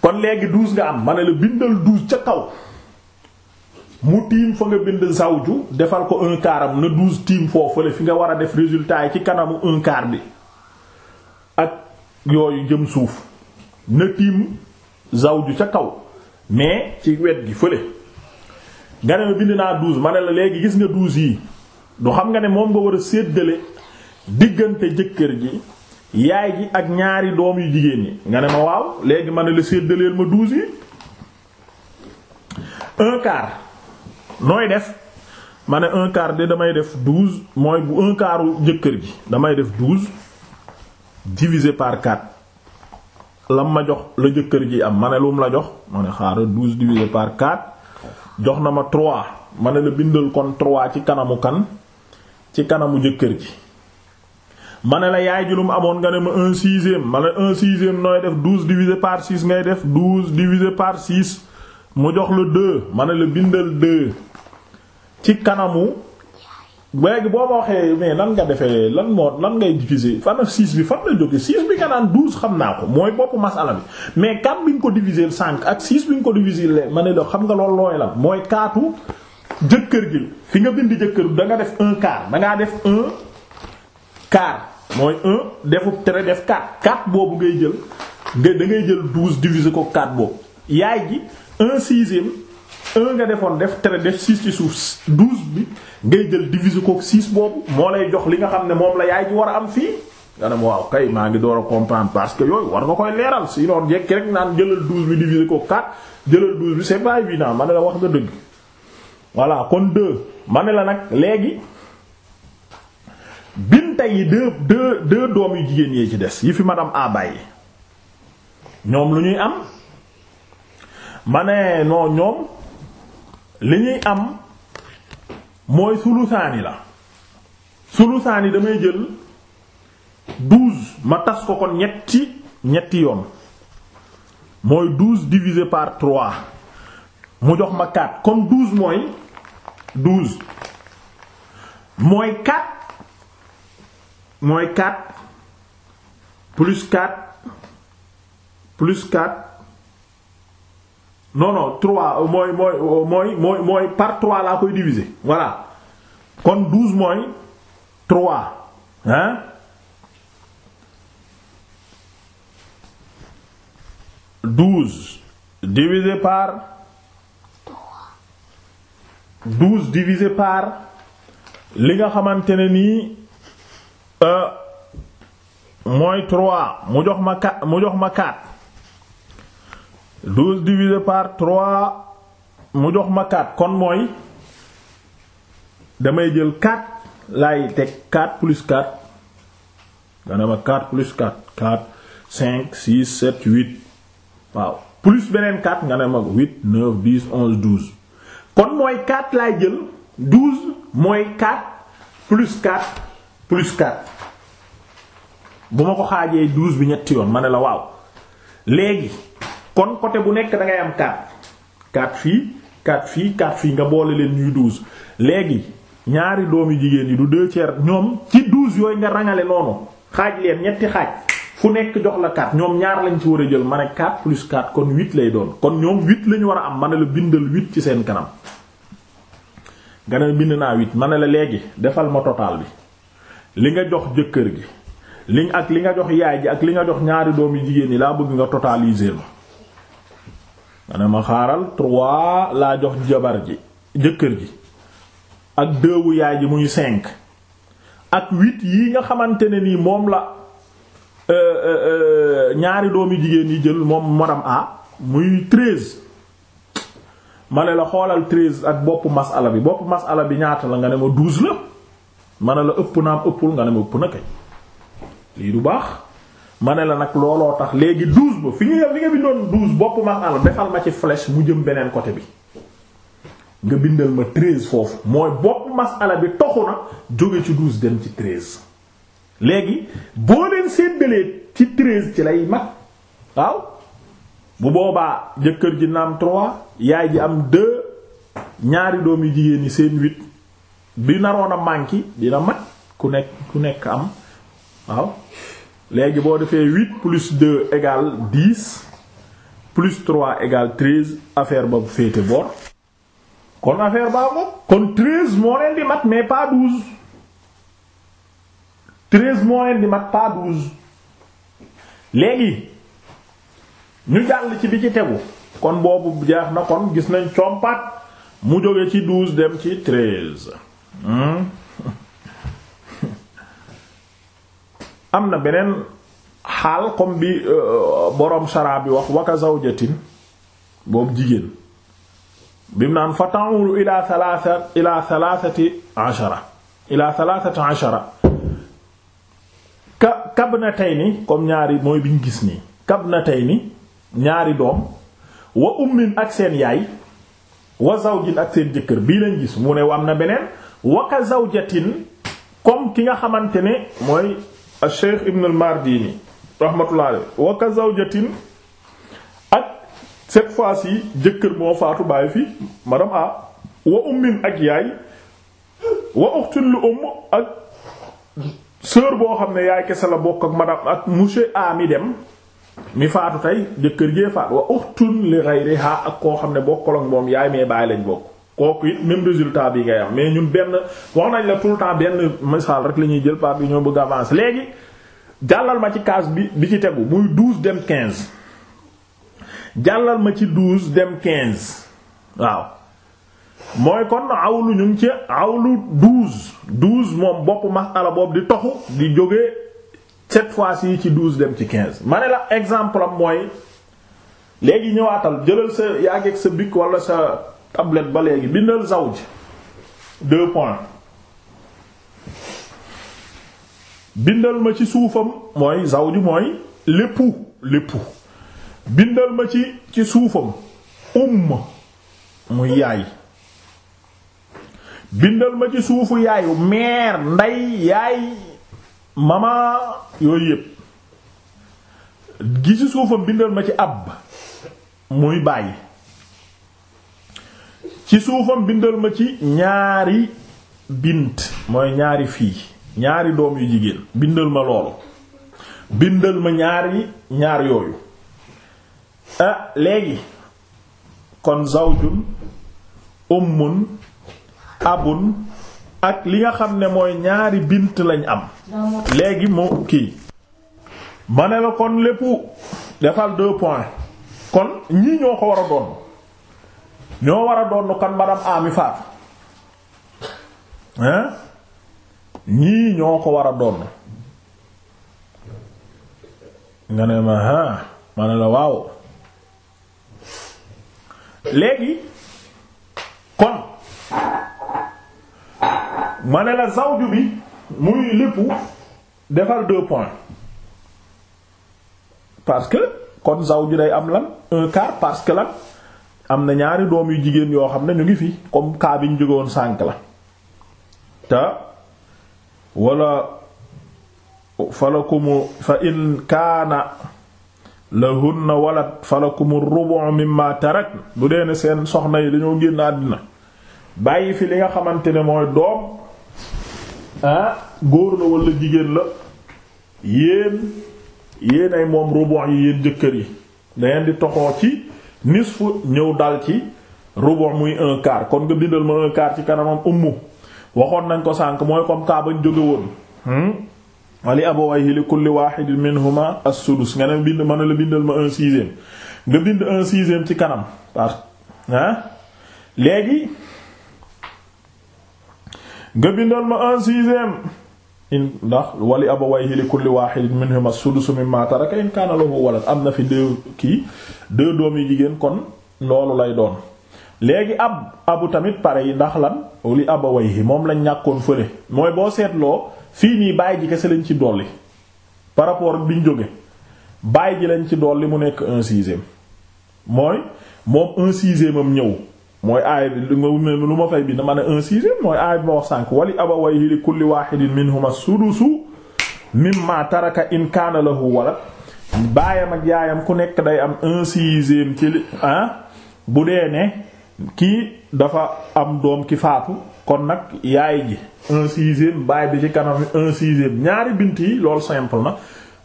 kon léegi douze nga am ma la bindal douze ca kaw mu tiim fa nga bind zawju defal ko un quart am na douze tiim foofu la fi nga war a def résultat yi ci kanamu un quart bi ak yooyu jëm suuf na tiim zawju ca kaw mais ci wet gi fële nga ne ma bind naa douze ma ne la léegi gis nga douse yi du xam nga ne moom nga war a séddale diggante jëkkër ji yaay ji ak ñaari doom yu jigéen ñi nga ne ma waaw léegi ma ne la séddaleel ma douse yi un nooy def ma ne un quart de damay def douze mooy bu un jëkkër ji damay def douze divisé par quatre lam ma jox la jëkkër ji am ma ne lu la jox ma ne xaaral douze divisé par quatre jox na ma troit ma ne la bindal kon troit ci kanamu kan ci kanamu jëkkër ji ma ne la yaay julum amoon nga ne ma un sixième ma ne un sixième nooy def douze divisé par six ngay def douze divisé par six mu jox la deux ma ne la bindal deux ci kanamu léegi boo ma waxee mais nan nga defee lan moo lan ngay diviser fan ak 6 bi fan la jógee 6 bi nga naan 12 xam naa ko mooy boppu masala bi mais 4 bi nga ko diviser 5 ak 6 bi nga ko diviser le ma ne la xam nga loolu looy lan mooy kaatu jëkkër gi fi nga bind jëkkër da nga def un quart da ngaa def un quart mooy un defu tere def 4 4 boobu ngay jël nga da ngay jël 12 diviser ko 4 boobu yaay ji un sixième un nga defoon def tere def six ci suuf douze bi ngay jël diviser ko six boobu moo lay jox li nga xam ne moom la yaay ji war a am fii nga ne waaw kay maa ngi door a comprendre parce que yooyu war nga koy leeral sinon jekki rek naan jëlal douze bi diviser ko quatre jëlal douze bi c'est pas évident ma ne la wax nga dëgg voilà kon deux ma la nag léegi binta yi deux deux deux doom yu jigéen yee ci des yi fi madame abay ñoom lu ñuy am ma ne non ñoom li ñuy am mooy sulusaani la sulusaani damay jël douze ma tas ko kon ñetti ñetti yoon mooy douze divisé par trois mu jox ma quatre kon douze mooy douze mooy quatre mooy quatre plus quatre plus quatre non trois mooy mooy mooy mooy mooy par trois laa koy diviser voilà kon douze mooy trois hein douze divisé par douze divisé par li nga xamante ne nii euh, mooy trois mu jox ma quatre mu jox ma quatre douze divisé par trois mu jox ma quatre kon mooy damay jël quatre laay teg quatre plus quatre nga ne ma quatre plus quatre quatre cinq six sept huit waaw plus beneen quatre nga ne ma huit neuf dix onze douze kon mooy quatre laay jël douze mooy quatre plus quatre plus bu ma ko xaajee douze bi ñetti yoon ma ne la waaw léegi. kon côté bu nekk da ngay am 4 4 fii 4 fii 4 fii nga boole leen ñuy 12 léegi ñaari doomi jigéen yi du deux tiers ñoom ci 12 yooyu nga rangale noonu xaaj leen ñetti xaaj fu nekk jox la 4 ñoom ñaar lañ ci war a jël ma ne 4 plus kon 8 lay doon kon ñoom 8 la ñu war a am ma ne la bindal 8 ci seen kanam nga bind naa wit ma ne la léegi defal ma total bi li nga jox jëkkër gi li ak li nga jox yaay ji ak li nga jox ñaari doomi jigéen yi laa bëgg nga totaliser ma. nga ne ma xaaral trois laa jox jabar ji jëkkër ji ak deux wu yaay ji muy cinq ak huit yi nga xamante ne nii moom la euh, euh, euh, ñaari doomi jigéen yi jël moom madame ah muy treize ma ne la xoolal treize ak bopp masala bi boppu masala bi ñaata la nga ne ma douze la ma ne la ëpp naa ëppul nga ne ma ëpp na kay lii du baax ma ne la nag looloo tax léegi douze ba fi ñu yem li nga bopp ma àll defal ma ci flèche mu jëm beneen côté bi nga bindal ma treize foofu mooy bopp masala bi toxu na jóge ci douze dem ci treize léegi boo leen séddalee ci treize ci lay mag waaw bu boobaa jëkkër ji naam trois yaay ji am deux ñaari doom yu jigéen ñi seen huit bi naroon a manqué dina mat ku nekk ku nekk am waaw léegi boo defee huit plus deux égale dix plus trois égale treize affaire ba bu féete boor kon affaire baa ko kon treize moo leen di mat mais pas douze treize moo leen di mat pas douze léegi ñu jàll ci bi ci tegu kon boobu jeex na kon gis nañ compat mu jóge ci douze dem ci treize. Hmm? am na beneen xaal comme bi euh, borom shara bi wax waka zawjatin boobu jigéen bi mu naan fa ta'ulu ila thalatha ila thalathati ashara ila thalathati ashara ka kabnatayni comme ñaari mooy biñ gis nii kabnatayni ñaari doom wa ummin ak seen yaay wa zawjin ak seen jëkkër bii lañ gis mu ne am na beneen waka zawjatin comme ki nga xamante ne mooy Cheikh Ibn al-Mardini rahmatullahi alayhi zawjatin ak cette fois-ci jëkkër moo faatu bàyyi fi madame A wa ummin ak yaay wa uxtin lu umm ak sœur boo xam ne yaay kese la bokk ak madame ak monsieur A mi dem mi faatu tey jëkkër jee faatu wa uxtun li ghayriha ak koo xam ne bokkul moom yaay mee bàyyi lañ bokk kooku it même résultat bi ngay am mais ñun benn wax nañ la tout temps benn misaal rek la ñuy jël par bi ñoo bëgg avancer léegi jàllal ma ci kaas bi bi ci tegu muy 12 dem 15 jàllal ma ci 12 dem 15 waaw mooy kon awlu ñu ci awlu 12 12 moom bopp masala boobu di toxu di jóge cette fois yi ci 12 dem ci 15 ma la exemple am mooy léegi ñëwaatal jëlal sa yàggeeg sa bic wala sa. tablette ba léegi bindal zawj deux bindal ma ci suufam mooy zawj mooy l'époux l'époux bindal ma ci ci suufam umm muy yaay bindal ma ci suufu yaayu mère ndey yaay mama yooyu yépp gi ci suufam bindal ma ci ab muy bàyyi ci suufam bindal ma ci ñaari bint mooy ñaari fii ñaari doom yu jigéen bindal ma loolu bindal ma ñaari ñaar yooyu ah léegi kon zawjun ummun abun ak li nga xam ne mooy ñaari bint lañ am léegi mu kii ma ne la kon lépp defal deux points kon ñi ñoo ko war a doon ñoo war a doon kan madame ami faatu hein ñii ñoo ko war a doon nga ne ma ah ma ne la waaw léegi kon ma ne la zawju bi muy lépp defal deux points parce que kon zawju day am lan un quart parce que lan am na ñaari doom yu jigéen yoo xam ne ñu ngi fi comme kaa bi ñu jógewoon sànk la te wala falakumu fa in kaana lahunna walad falakumu rubu mimma tarak bu dee ne seen soxna yi dañoo génn àddina bàyyi fi li nga xamante ne mooy doom ah góor la wala jigéen la yéen yéen ay moom rubu yi yéen jëkkër yi dangeen di toxoo ci nisfu ñëw dal ci rubu muy un quart kon nga bindal ma un quart ci kanamam ummu waxoon nañ ko sànq mooy comme kaa bañ jóge woon wali hmm? abawayhi li kulli wahidin minhuma as-sudus nga ne bind mën la bindal ma un sixième nga bind un sixième ci kanam par ah léegi nga bindal ma un sixième in ndax wali abawayhi li kulli wahid minhuma sulusu mimma taraka in kaana lahu walad am na fi deux kii deux doom yi jigéen kon loolu lay doon léegi ab abu tamit pare yi ndax lan li abawayhi moom lañ ñàkkoon fële mooy boo seetloo fii nii baay ji kese lañ ci dool dolli par rapport biñ jóge baay ji lañ ci dool li mu nekk un sixième mooy moom un sixième am ñëw mooy aaya bi lu ma fay bind ma ne un sixième mooy aaya bi ma wax sànk wali abawayhi li kulli wahidin minhuma sudusu mimma taraka in kaana lahu walad baayam ak yaayam ku nekk day am un sixième ci li ah bu dee ne kii dafa am doom ki faatu kon nag yaay ji un sixième baay bi ci kanam un sixième ñaari bint yi loolu simple na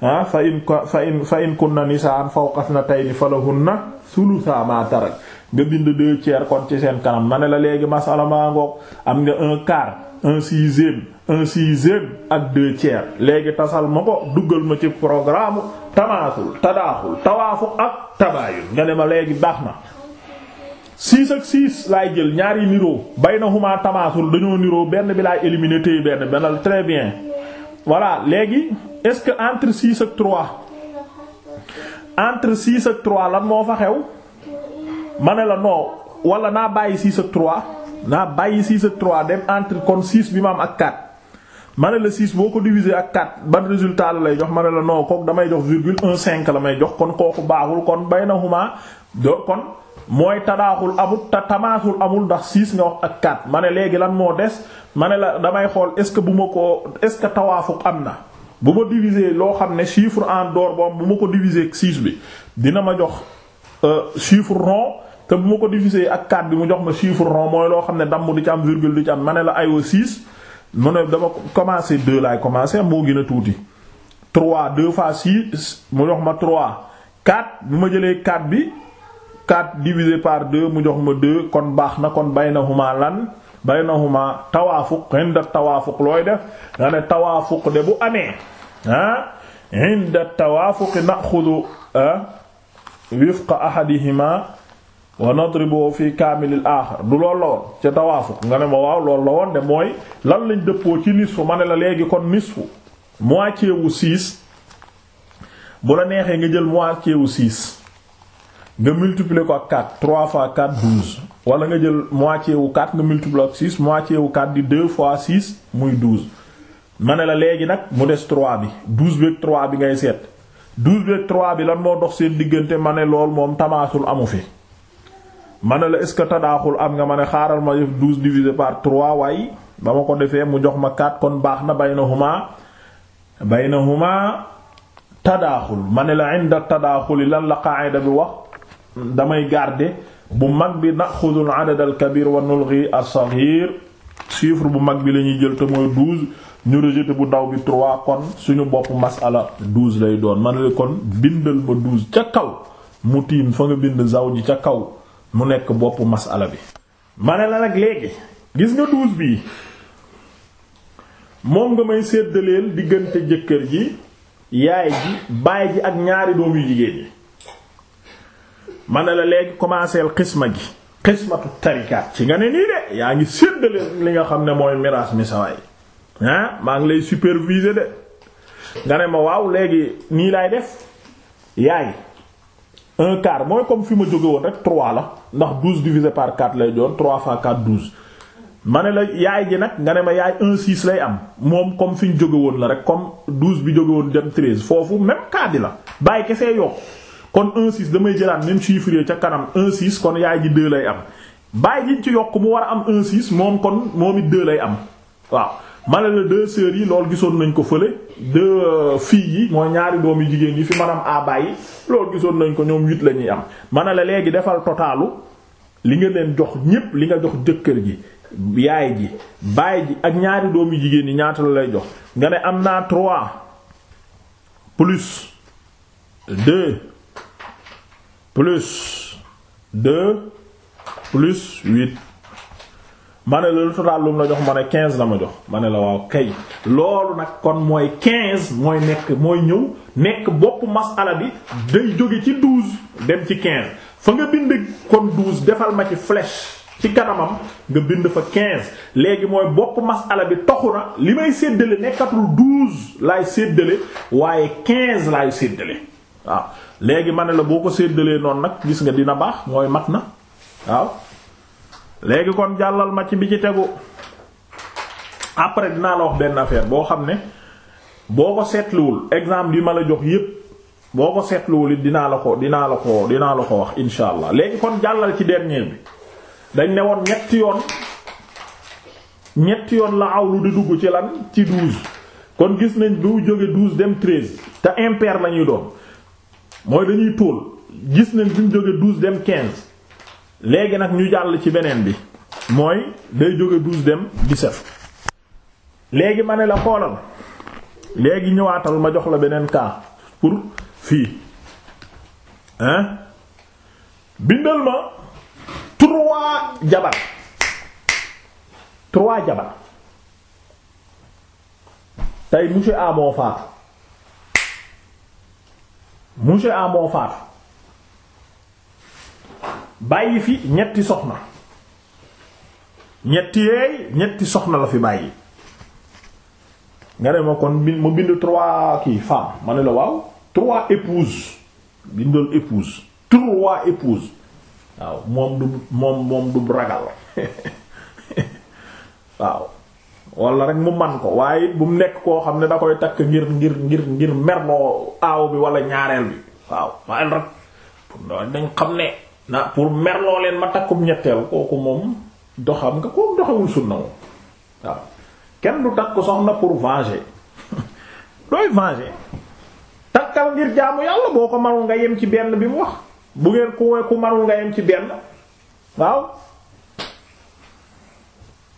ah fa in fa in fa in kunna nisaan fawqasnatayni falahunna thulutha ma tarak nga bind deux tiers kon ci seen kanam ma ne la léegi masala maa ngoog am nga un quart un sixième un sixième ak deux tiers léegi tasal ma ko duggal ma ci programme tamaasul tadaaxul tawaafu ak tabaayun nga ne ma léegi baax na six ak six laay jël ñaari niroo bay na xumaa tamaasul dañoo niroo benn bi laay éliminer tey benn benn très bien voilà léegi est-ce que entre six ak trois entre six ak trois lan moo fa xew ma ne la non wala naa bàyyi 6 ak 3 naa bàyyi 6 ak 3 dem entre kon 6 bi ma am ak 4 ma ne la 6 boo ko diviser ak 4 ban résultat la lay jox ma ne la non kooku damay jox virgule 1 5 la may jox kon kooku baaxul kon bay na xumaa do kon mooy tadaaxul amul te tamaasul amul ndax 6 nga ak 4 ma ne léegi lan moo des ma ne la damay xool est-ce que bu ma ko est-ce que tawaafuk am na bu ma diviser loo xam ne chiffre en dehors boobu bu ma ko diviser ak 6 bi dina ma jox euh, chiffre rond. te bu ma ko diviser ak 4 bi mu jox ma chiffre rond mooy loo xam ne damm du ci am virgule di ci am ma ne la aywa 6 mu ne dama commencé 2 laay commencé moo gën a tuuti 3 2 fois 6 mu jox ma 3 4 bu ma jëlee 4 bi 4 divisé par 2 mu jox ma 2 kon baax na kon bay na huma lan bay na huma tawaafuq inda tawaafuq looy def nga ne tawaafuq de bu amee ah inda tawaafuq na'khudhu ah, wifqa ahadihima wa nadribu fi kaamilil aaxar du loolu la woon ca tawaafuq nga ne ma waaw loolu la woon de mooy lan lañ dëppoo ci nisfu ma ne la léegi kon nisfu moitié wu six bu la neexee nga jël moitié wu six nga ko ak 4 3 fois 4 wala nga jël moitié wu 4 nga multiplier ak 6 moitié wu 4 fois 6 muy 12 ma ne la léegi nag mu des 3 bi 12 beeg bi ngay seet 12 beeg bi lan moo dox seen diggante ma ne lool moom tamaasul amu fi. ma ne la est ce que tadaaxul am nga ma ne xaaral ma def douze divisé par trois waaye ba ma ko defee mu jox ma quatre kon baax na baynahuma baynahuma tadaaxul ma ne la inda yi lan la qaa'ida bi wax damay garder bu mag bi naxudul adad al kabir wa nulghi al saghir chiffre bu mag bi lañuy jël te mooy douze ñu rejeté bu daw bi trois kon suñu bopp masala douze lay doon ma ne la kon bindal ma douze ca kaw mu tiim fa nga bind zaw ji ca kaw. mu nekk boppu masala bi ma la nag léegi gis nga douze bii moom nga may séddaleel diggante jëkkër ji yaay ji baay ji ak ñaari doom yu jigéen yi ma ne la léegi commencé xisma gi xismatu tarikaat ci nga ne nii de yaa ngi séddaleel li nga xam ne mooy miraas mi sawaay ah maa ngi lay superviser de nga ne ma waaw léegi nii laay def yaay un quart mooy comme fi ma jóge woon rek 3 la ndax 12 divisé par 4 lay doon 3 fois 4 12. ma ne la yaay nag nga ne ma yaay 1 6 lay am moom comme fi ñu jóge woon la rek comme 12 bi jóge woon dem 13 foofu même cas bi la bàyyi kesee yokk kon 1 6 damay jëlaat même chiffre ca kanam un 6 kon yaay ji 2 lay am bàyyi ji ci yokk mu war a am un 6 moom kon moom it 2 lay am waaw. ma ne la deux sœurs yi lool gisoon nañ ko fële deux euh, filles yi mooy ñaari doom yu jigéen yi fi madame Aba yi loolu gisoon nañ ko ñoom wit la ñuy am ma la léegi defal totalu li nga leen jox ñépp li nga jox jëkkër ji yaay ji baay ji ak ñaari doom jigéen yi ñaata la lay jox nga ne am naa trois plus deux plus deux plus huit mane ne la lu la jox ma ne 15 la ma jox ma ne la waaw kay loolu nag kon mooy 15 mooy nekk mooy ñëw nekk bopp ala bi day jóge ci 12 dem ci 15 fa nga bind kon 12 defal ma ci flèche. ci kanamam nga bind fa 15 léegi mooy bopp ala bi toxu na li may séddale nekkatul 12 laay séddale waaye 15 laay séddale waaw léegi ma ne la boo ko séddalee noonu nag gis nga dina baax mooy mat na waaw léegi kon jàllal ma ci bi ci tegu après dinaa la wax benn affaire boo xam ne boo ko seetluwul exemple yi ma la jox yépp boo ko seetluwul it dinaa la ko dinaa la ko dinaa la ko wax insha allah léegi kon jàllal ci dernier bi dañ ne woon ñetti yoon ñetti yoon la awlu di dugg ci lan ci douze kon gis nañ bu jóge douze dem treize te impair lañuy doon mooy dañuy tóol gis nañ buñ jóge douze dem quinze léegi nag ñu jàll ci beneen bi mooy day jóge douze dem dix-sept léegi ma ne la xoolal léegi ñëwaatal ma jox la beneen cas pour fii hein bindal ma trois jabar trois jabar tey monsieur A moo faatu monsieur A bàyyi fi ñetti soxna ñetti yeey ñetti soxna la fi bàyyi nga ne ma kon ma bind trois kii femme ma ne la waaw trois épouses bindal épouse trois épouses waaw moom du moom moom du ragal [laughs] waaw wala rek mu man ko waaye it bu mu nekk koo xam ne da koy takk ngir ngir ngir ngir merloo aaw bi wala ñaareel bi waaw waaye rek dañ xam ne na pour merloo leen ma takkub ñetteel kooku moom doxam nga kooku doxawul sunna moom waaw kenn du takk soxna pour venger dooy [laughs] venger takkal ngir jaamu yàlla boo ko marul nga yem ci benn bi mu wax bu ngeen ku ku nga yem ci benn waaw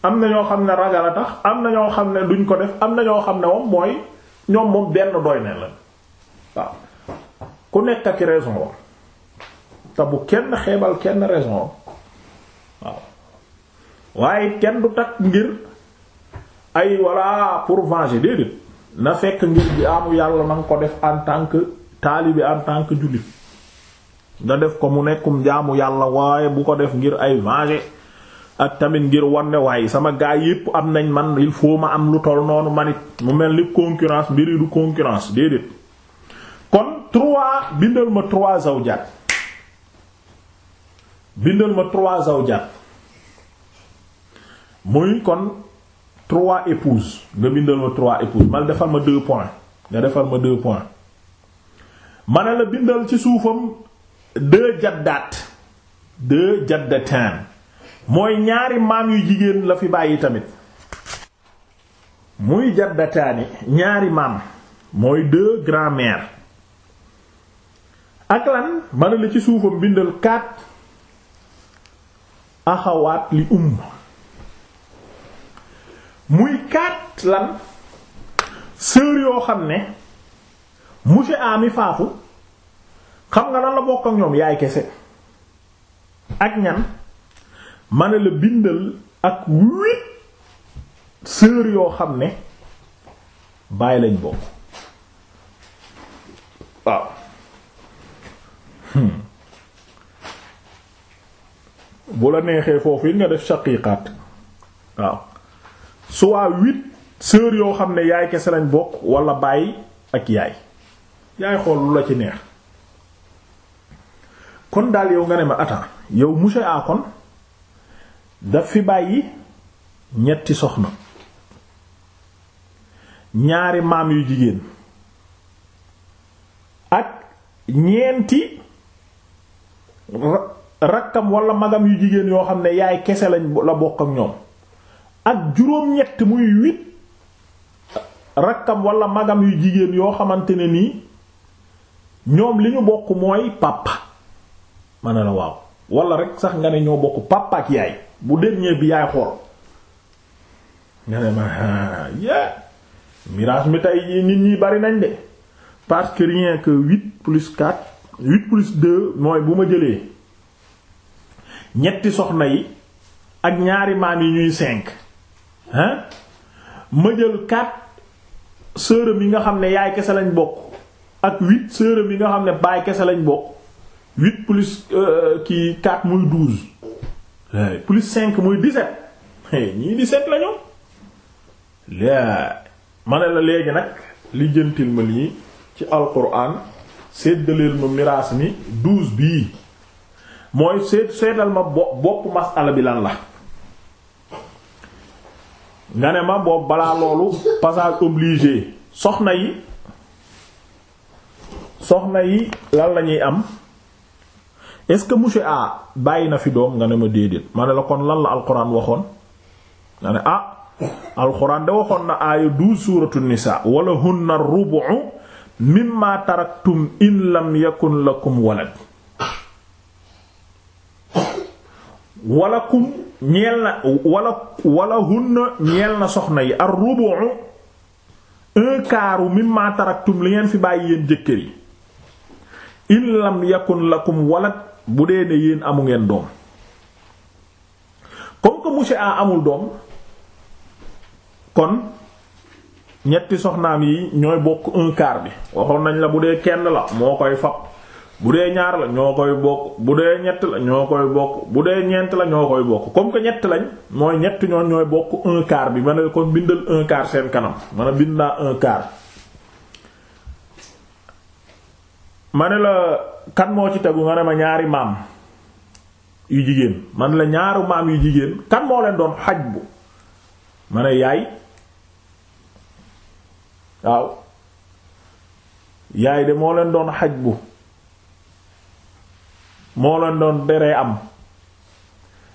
am na ñoo xam ne ragal a tax am na ñoo xam ne duñ ko def am na ñoo xam ne moom mooy ñoom moom benn doy ne waaw ku nekk ak raison te bu kenn xeebal kenn raison waaw kenn du takk ngir ay pour venger na fekk ngir yàlla na nga ko def en tant que taalibe en tant que jullit def ko mu nekkum jaamu yàlla waaye bu ko def ngir ay venger ak tamit ngir wanne waaye sama gaay yépp am nañ man il ma am lu toll noonu manit mu mel ni concurrence mbiri du concurrence déedéet kon trois bindal ma trois zawjaat bindal ma trois zawjaat muy kon trois épouses nga bindal ma trois épouses man defal ma deux points nga defal ma deux points ma la bindal ci suufam deux jaddaat deux jaddataan mooy ñaari maam yu jigéen la fi bàyyi tamit muy jaddataani ñaari maam mooy deux grand-mères ak lan ma ne la ci suufam bindal quatre axawaat li umm muy kaat lan sœur yoo xam ne monsieur ami xam nga lan la bokk ak ñoom yaay kese ak ñan mane la bindal ak huit sœur yoo xam ne bàyyi lañ bokk waaw hmm. bu la neexee foofu yi nga def shaqiqaat waaw soit huit sœurs yoo xam ne yaay kese lañ bokk wala baay ak yaay yaay xool lu la ci neex kon daal yow nga ne ma attends yow monsieur a kon daf fi bàyyi ñetti soxna ñaari maam yu jigéen ak ñeenti ra rakkam wala magam yu jigéen yoo xam ne yaay kese lañ la bokk ñoom ak juróom-ñett muy huit rakkam wala magam yu jigéen yoo xamante ne nii ñoom li ñu bokk mooy papa ma ne la waaw wala rek sax nga ne ñoo bokk papa ak yaay bu dernier bi yaay xool nga ne ma ah, miraas mi tey nit ñi bari nañ de parce que rien que huit plus quatre huit plus deux mooy bu ma jëlee. ñetti soxna yi ak ñaari maam yi ñuy cinq hein ma jël quatre sërëm yi nga xam ne yaay kese lañ bokk ak huit sërëm yi nga xam ne baay kese lañ bokk huit plus euh, kii quatre muy douze plus cinq muy dix ñii dix-sept mane la léegi nag li jëntil ma lii ci alquran séddaleel ma miraas mi douze bii mooy seet seetal ma bo bopp masala bi lan la nga ne ma boobu balaa loolu passage obligé soxna yi soxna yi lan la ñuy am est-ce que monsieur A bàyyi na fi doom nga ne ma déedéet ma la kon lan la alquran waxoon nga ne ah alquran de waxoon na aaya 12 suuratu nisaa wala hunna rubu'u mimma taraktum in lam yakun lakum walad wala kum ñeel na wala wala hunna ñeel na soxna yi ar rubu un quart mimma taraktum li ngeen fi bàyyi yéen jëkkër yi in lam yakun lakum walad bu dee ne yéen amu ngeen doom comme que monsieur a amul doom kon ñetti soxnaam yi ñooy bokk un bi waxoon nañ la bu dee kenn la moo koy fab bu dee ñaar la ñoo koy bokk bu dee ñett la ñoo koy bokk bu dee ñeent la ñoo koy bokk comme que ñett lañ mooy ñett ñoon ñooy bokk un quart bi ma ne kon bindal un seen kanam ma ne bind naa un quart. ma ne la kan moo ci tegu nga ne ma ñaari maam yu jigéen ma ne la ñaaru maam yu jigéen kan moo leen doon xaj bu ma ne yaay waaw yaay de moo leen doon xaj bu. moo leen doon deree am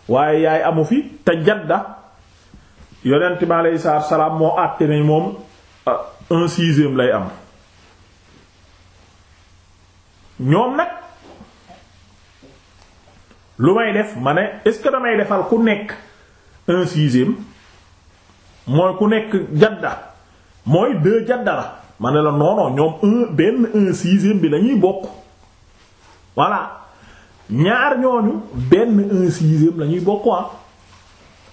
waaye yaay amu fi te jadda yonent bi aleyhi salaatu salaam moo àtte ne moom euh, un sixième lay am ñoom nag lu may def ma ne est damay defal ku nekk un sixième mooy ku nekk jadda mooy deux jadda la ma ne la non ñoom un benn un sixième bi lañuy bokk voilà ñaar ñooñu benn un sixième la ñuy bokk ah.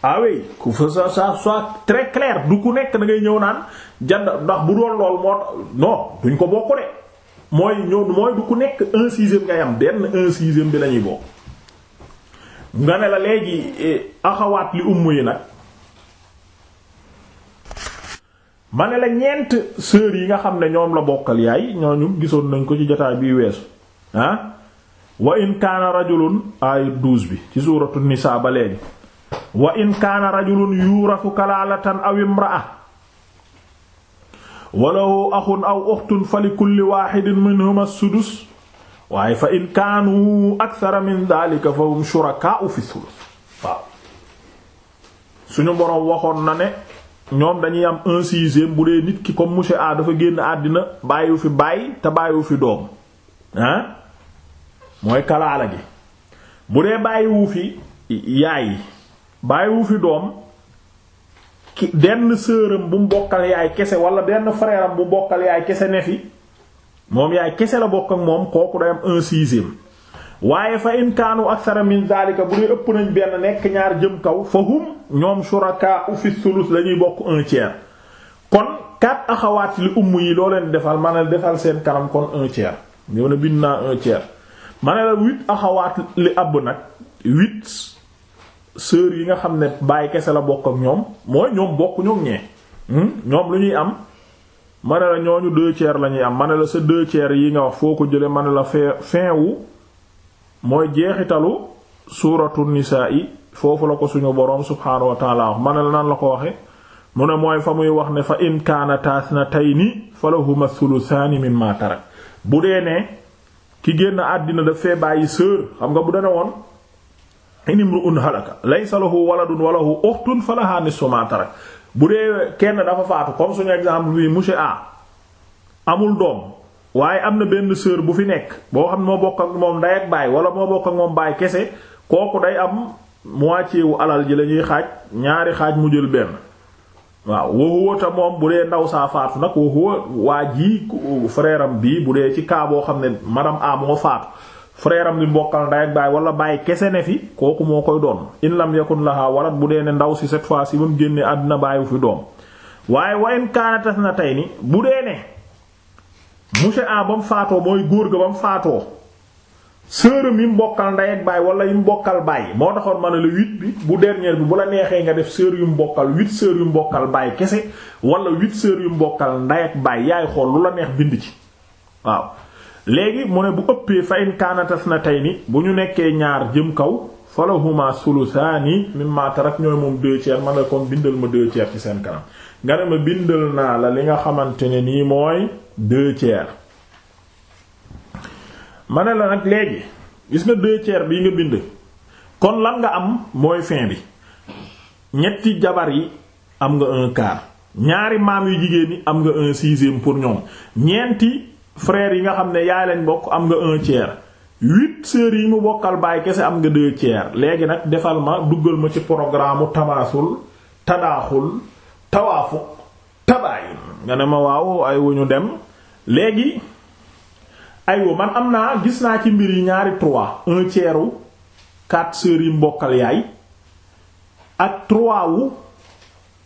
ah oui ku soit très clair du ku nekk da ngay ñëw naan jand ndax bu doon lool moo non duñ ko bokk de mooy ñëw mooy du ku nekk un ngay am benn un bi la ñuy bokk. nga ne la léegi eh, axawaat li umm yi nag ma ne la ñeent sœurs yi nga xam ne ñoom la bokkal yaay ñooñu gisoon nañ ko ci jotaay bii weesu ah. wa in kaana rajulun aaya 12 bi ci suuratu nisaa ba léegi wa in kaana rajulun yuurafu kalaalatan aw imra'a wa lahu axun aw uxtun fa kulli waaxidin minhuma sudus waaye fa in kaanu akthara min daalika fa hum shurakaa'u fi sulus suñu boroom waxoon na ne ñoom dañuy am un bu dee nit ki comme monsieur dafa génn àddina bàyyiwu fi bàyyi te bàyyiwu fi doom ah mooy kalaala gi bu dee bàyyiwu fi yaay bàyyiwu fi doom ki benn sëram bu bokkal yaay kese wala benn frère am bu bokkal yaay kese ne fi moom yaay kese la bokk ak moom kooku day am un sixième waaye fa in kaanu akthara min bu dee ëpp nañ benn nekk ñaar jëm kaw fa hum ñoom shuraka u fi sulus la bokk un tiers kon quatre axawaat li umm yi loo leen defal maanaam defal seen kanam kon un tiers ñëw na bind naa un tiers ma ne la huit axawaat li àbb nag huit sœurs yi nga xam ne bàyyi kese la bokk ak ñoom mooy ñoom bokk ñoom ñee hmm? ñoom lu ñuy am ma ne la ñooñu deux tiers la am ma ne la sa deux yi nga wax foo ko jële ma ne la fin fin wu mooy jeexitalu suuratu nisaa yi foofu la ko suñu boroom subhaanahu wa taala wax la nan la ko waxe mu ne mooy fa muy wax ne fa in kaanata isnatayni falahuma thuluthaani mimma tarak bu dee ne ki génn àddina daf fee bàyyi sœur xam nga bu dana woon inimru'un halaka laysa lahu waladun wa lahu ukhtun falaha nisfu ma tarak bu dee kenn dafa faatu comme suñu exemple bi monsieur A amul doom waaye am na benn sœur bu fi nekk boo xam ne moo bokk ak moom ndey ak baay wala moo bokk ak moom baay kese kooku day am moitié wu alal ji lañuy xaaj ñaari xaaj mu jël benn waaw woo ta moom bu dee ndaw saa faatu nag woo waa ji frère bii bu dee ci cas boo xam ne madame A moo faatu frère bi mbokkal ndey ak baay wala bàyyi kese ne fi kooku moo koy doon. in lam yakun laha warat bu dee ne ndaw si set fois si ba mu génnee àddina bàyyiwu fi doom waaye wa in kaanatas na tey ni bu dee ne monsieur A ba mu faatoo mooy góor ga ba mu faatoo. sërëm yi mbokkal bokkal ndey ak baay wala yi mu bokkal baay moo taxoon ma ne la huit bi bu dernière bi bu la neexee nga def sœur yu mbokkal bokkal huit yu mbokkal bokkal kese wala huit sœurs yu mbokkal bokkal ndey ak baay yaay xool lu la neex bind ci waaw léegi mu ne bu ëppee fa in na tey ni bu ñu nekkee ñaar jëm kaw falahuma sulusaani mimma tarak ñooy moom deux tiers ma ne kon bindal ma deux tiers ci seen kanam nga ne ma bindal naa la li nga xamante ne nii mooy deux tiers ma ne la nag léegi gis nga deux tiers bii nga bind kon lan nga am mooy fin bi ñetti jabar yi am nga un ñaari maam yu jigéen ñi am nga un sixième pour ñoom ñeenti frères yi nga xam ne yaay lañ bokk am nga un tiers huit yi mu bokkal baay kese am nga deux tiers léegi nag defal ma duggal ma ci programme mu tamaasul tadaaxul tawaafuq tabaayun nga ne ma waaw ay wu ñu dem léegi. aywa man am naa gis naa ci mbir yi ñaari trois un tiers wu quatre sœurs yi mbokkal yaay ak trois wu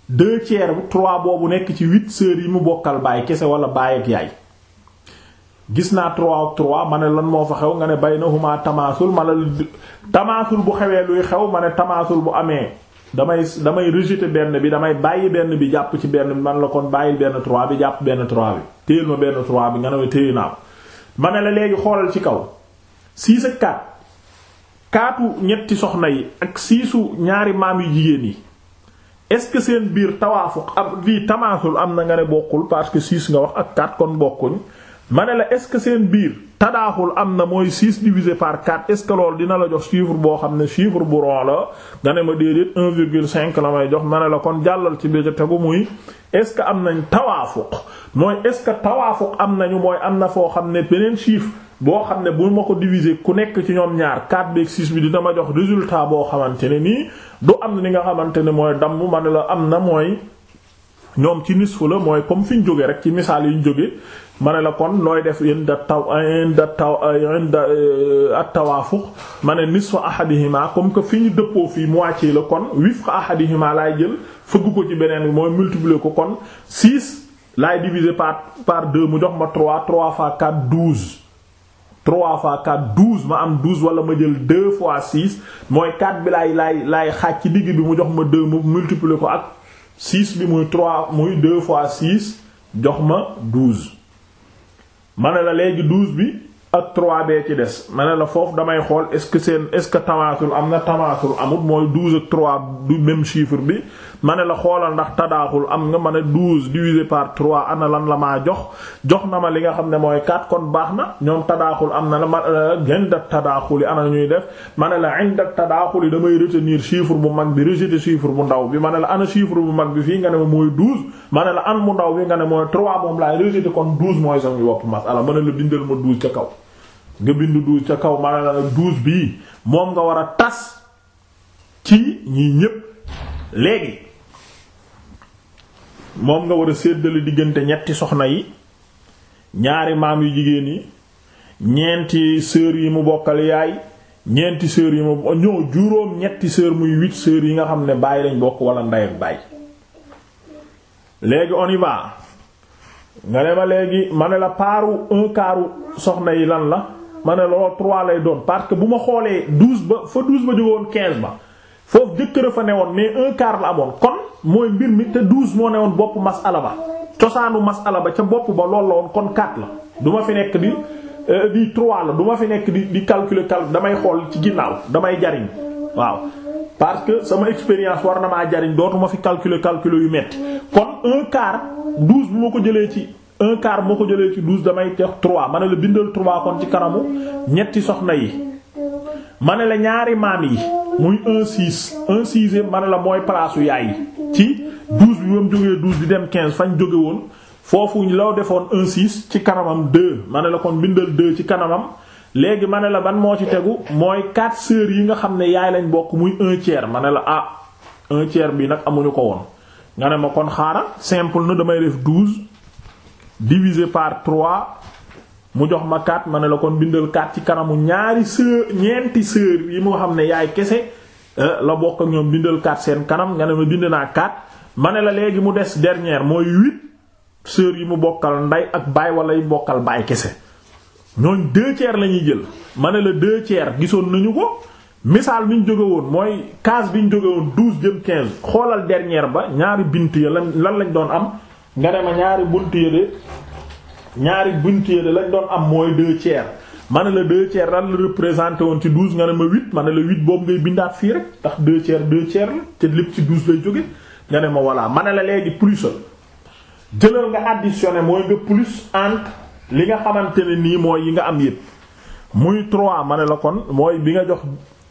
deux tiers trois boobu nekk ci huit sœurs yi mu bokkal baay kese wala baay ak yaay gis naa trois ak trois ma ne lan moo fa xew nga ne baynahuma tamaasul ma ne tamaasul bu xewee luy xew ma ne tamaasul bu amee damay damay rejeter benn bi damay bàyyi benn bi jàpp ci benn bi man la kon bàyyil benn trois bi jàpp benn trois bi téyel ma benn trois bi nga ne ma téye ma la léegi xoolal ci kaw six ak quatre kaatu ñetti soxna yi ak siisu ñaari maam yu jigéen yi est-ce que seen biir tawaafuq ab lii tamaasul am na nga ne bokkul parce que six nga wax ak quatre kon bokkuñ ma ne la est-ce que seen biir tadaaxul am na mooy 6 divisé par 4 est-ce dina la jox chiffre boo xam ne chiffre bu ron la nga ne ma déedéet cinq la may jox ma la kon jàllal ci biir tegu muy est-ce que am nañ tawaafuq mooy est-ce que tawaafuq am nañu mooy am na foo xam ne beneen chiffre boo xam ne bu ma ko diviser ku nekk ci ñoom ñaar 4 beeg 6 bi dina ma jox résultat boo xamante ne nii du am ni nga xamante ne mooy damm ma ne la am na mooy ñoom ci nisfu la mooy comme fi ñu jógee rek ci misaal yi ñu jógee. ma ne la kon looy def inda taw inda taw inda eh, at-tawaafuq ma ne nisfu ahadihima comme que fi ñu dëppoo fii moitié la kon wifqa ahadihima laay jël fëgg ko ci beneen bi mooy multiplier ko kon 6 laay diviser par par 2 mu jox ma 3 3 fois 4 12 3 fois 4 12 ma am 12 wala ma jël 2 fois 6 mooy 4 bi laay laay xàcc digg bi mu jox ma 2 mu multiplier ko ak 6 bi muy 3 muy 2 fois 6 jox ma 12. ma ne la léegi douze bi ak trois bee ci des ma ne la foofu damay xool est-ce que seen est-ce que tamaasul am na tamaasul amut mooy douze ak trois du même chiffre bi ma ne la xoolal ndax tadaaxul am nga ma ne douze divisé par trois ana lan la maa jox jox na ma li nga xam ne mooy quatre kon baax na ñoom tadaaxul am na la ma inda euh, tadaaxul yi ana ñuy def ma ne la inda tadaaxul yi damay retenir chiffre bu mag bi rejeter chiffre bu ndaw bi ma ne la ana chiffre bu mag bi fii nga ne ma mooy douze ma ne la an mu ndaw bi nga ne mooy trois moom laay rejeter kon douze mooy sama wopp masala ma ne la bindal ma douze ca kaw nga bind douze ca kaw ma ne la douze bii moom nga war a tas ci ñii ñépp léegi moom nga war a séddale diggante ñetti soxna yi ñaari maam yu jigéen yi ñeenti sœur yi mu bokkal yaay ñeenti sœur yi mu ñoo juróom ñetti sœur muy huit sœurs yi nga xam ne bàyyi lañ bokk wala ndey ak baay léegi on y nga ne ma léegi ma ne la paaru un quartu soxna yi lan la ma ne loolu trois lay doon parce que bu ma xoolee douze ba fa douze ba jógoon quinze ba foofu jëkkër a fa newoon mais un quart la amoon kon mooy mbir mi te douze moo ne newoon bopp masala ba cosaanu masala ba ca bopp ba lool la woon kon quatre la du fi nekk di euh, di trois la du fi nekk di di calculer calcul damay xool ci ginnaaw damay jariñ waaw parce que sama expérience war na maa jariñ dootuma fi calculer calculer yu metti kon un quart douze bu ma ko jëlee ci un quart moo ko jëlee ci douze damay tex trois ma ne la bindal trois kon ci kanamu ñetti soxna yi ma ne la ñaari maam yi muy un six un sixième ma la mooy palaasu yaay ci douze bi ba mu jógee di dem quinze fañ jóge woon foofu loo defoon un six ci kanamam deux ma ne la kon bindal deux ci kanamam léegi ma ne la ban moo ci tegu mooy quatre sœurs yi nga xam ne yaay lañ bokk muy un tiers ma la ah un tiers bi nag amuñu ko woon nga ne ma kon xaaral simple na damay def douze divisé par trois mu jox ma kaat ma ne la kon bindal kaat ci kanamu ñaari sœur ñeenti sœur yi moo xam ne yaay kese euh, la bokk ak ñoom bindal kaat seen kanam nga ne ma bind naa kaat ma ne la léegi mu des dernière mooy huit sœur yi mu bokkal nday ak baay wala yi bokkal baay kese ñooñ deux tiers la ñuy jël ma ne la deux tiers gisoon nañu ko misaal bi ñu jóge woon mooy case bi ñu jóge woon douze jëm quinze xoolal dernière ba ñaari bint ya lan lan lañ doon am nga ne ma ñaari bunt ya de ñaari bunt yële lañ doon am mooy deux tiers ma ne la deux tiers lan la représenté woon ci douze nga ne ma huit ma la huit boobu ngay bindaat fii rek ndax deux tiers deux tiers la te lépp ci douze lay jóge nga ne ma voilà ma ne la léegi plus jëlal nga additionné mooy nga plus entre li nga xamante ne nii mooy yi nga am yépp muy trois ma ne la kon mooy bi nga jox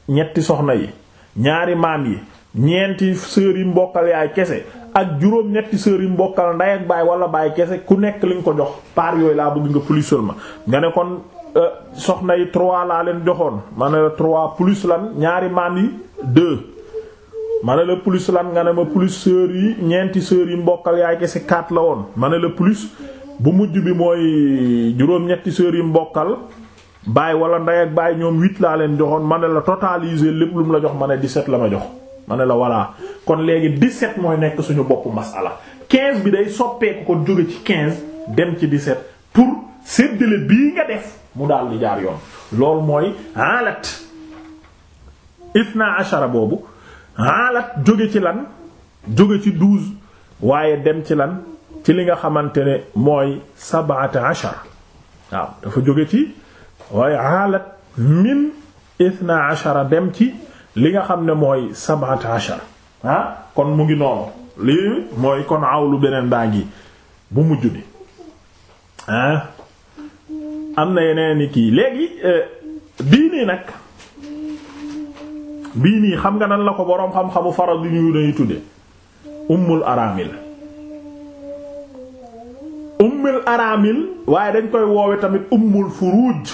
ñetti soxna yi ñaari maam yi ñeenti sœurs yi mbokkal yaay kese ak juróom ñetti sœurs mbokkal nday ak baay wala baay kese ku nekk li ko jox par yooyu laa bëgg nga plus ma nga ne kon euh, soxna yi trois laa leen joxoon ma ne la trois lan ñaari maan yi deux ne la plus lan nga ne ma plus sœurs yi ñeenti sœurs yi mbokkal yaay kese quatre la woon ma ne la plus bu mujj bi mooy juróom ñetti sœurs yi mbokkal baay wala nday baay ñoom huit laa leen joxoon ma ne la totaliser lépp lu mu la jox ma ne dix-sept la ma jox ma la voilà kon léegi 17 mooy nekk suñu boppu masala 15 bi day soppeeku ko jóge ci 15 dem ci set pour séddale bii nga def mu daal di jaar yoon loolu mooy haalat isna ashara boobu haalat jóge ci lan jóge ci duus waaye dem ci lan ci li nga xamante ne mooy sab'ata ashara waaw dafa jóge ci waaye haalat min isna ashara dem ci li nga xam ne mooy sabat ah, kon mu ngi noonu lii mooy kon awlu beneen baa ngi bu mujj bi ah, am na yeneen kii léegi eh, bii nag bii nii xam nga nan la ko boroom xam-xamu faral di ñu dañuy tudde ummul aramil ummul aramil waaye dañ koy woowe tamit ummul furuj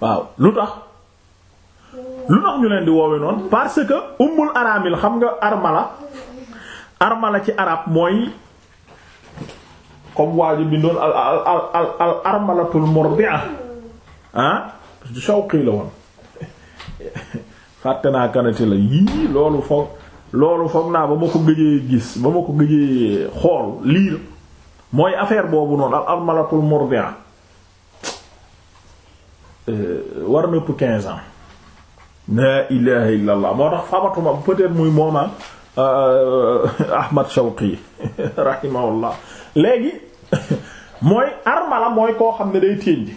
waaw lu tax lu tax ñu leen di woowe noonu parce que ummul aramil xam nga armala armala ci arab mooy comme waa ji bindoon al al armalatul murdi'a ah Shawqi la woon fàtte naa kanati la yii loolu foog loolu foog naa ba ma ko gëjee gis ba ma ko gëjee xool liir mooy affaire boobu noonu al armalatul murdi'a euh, war na ëpp ans. la ilaha illa allah moo tax famatuma peut muy mooma euh, [laughs] Ahmad Shawqi [laughs] rahimahullah léegi [laughs] mooy armala mooy koo xam ne day ténj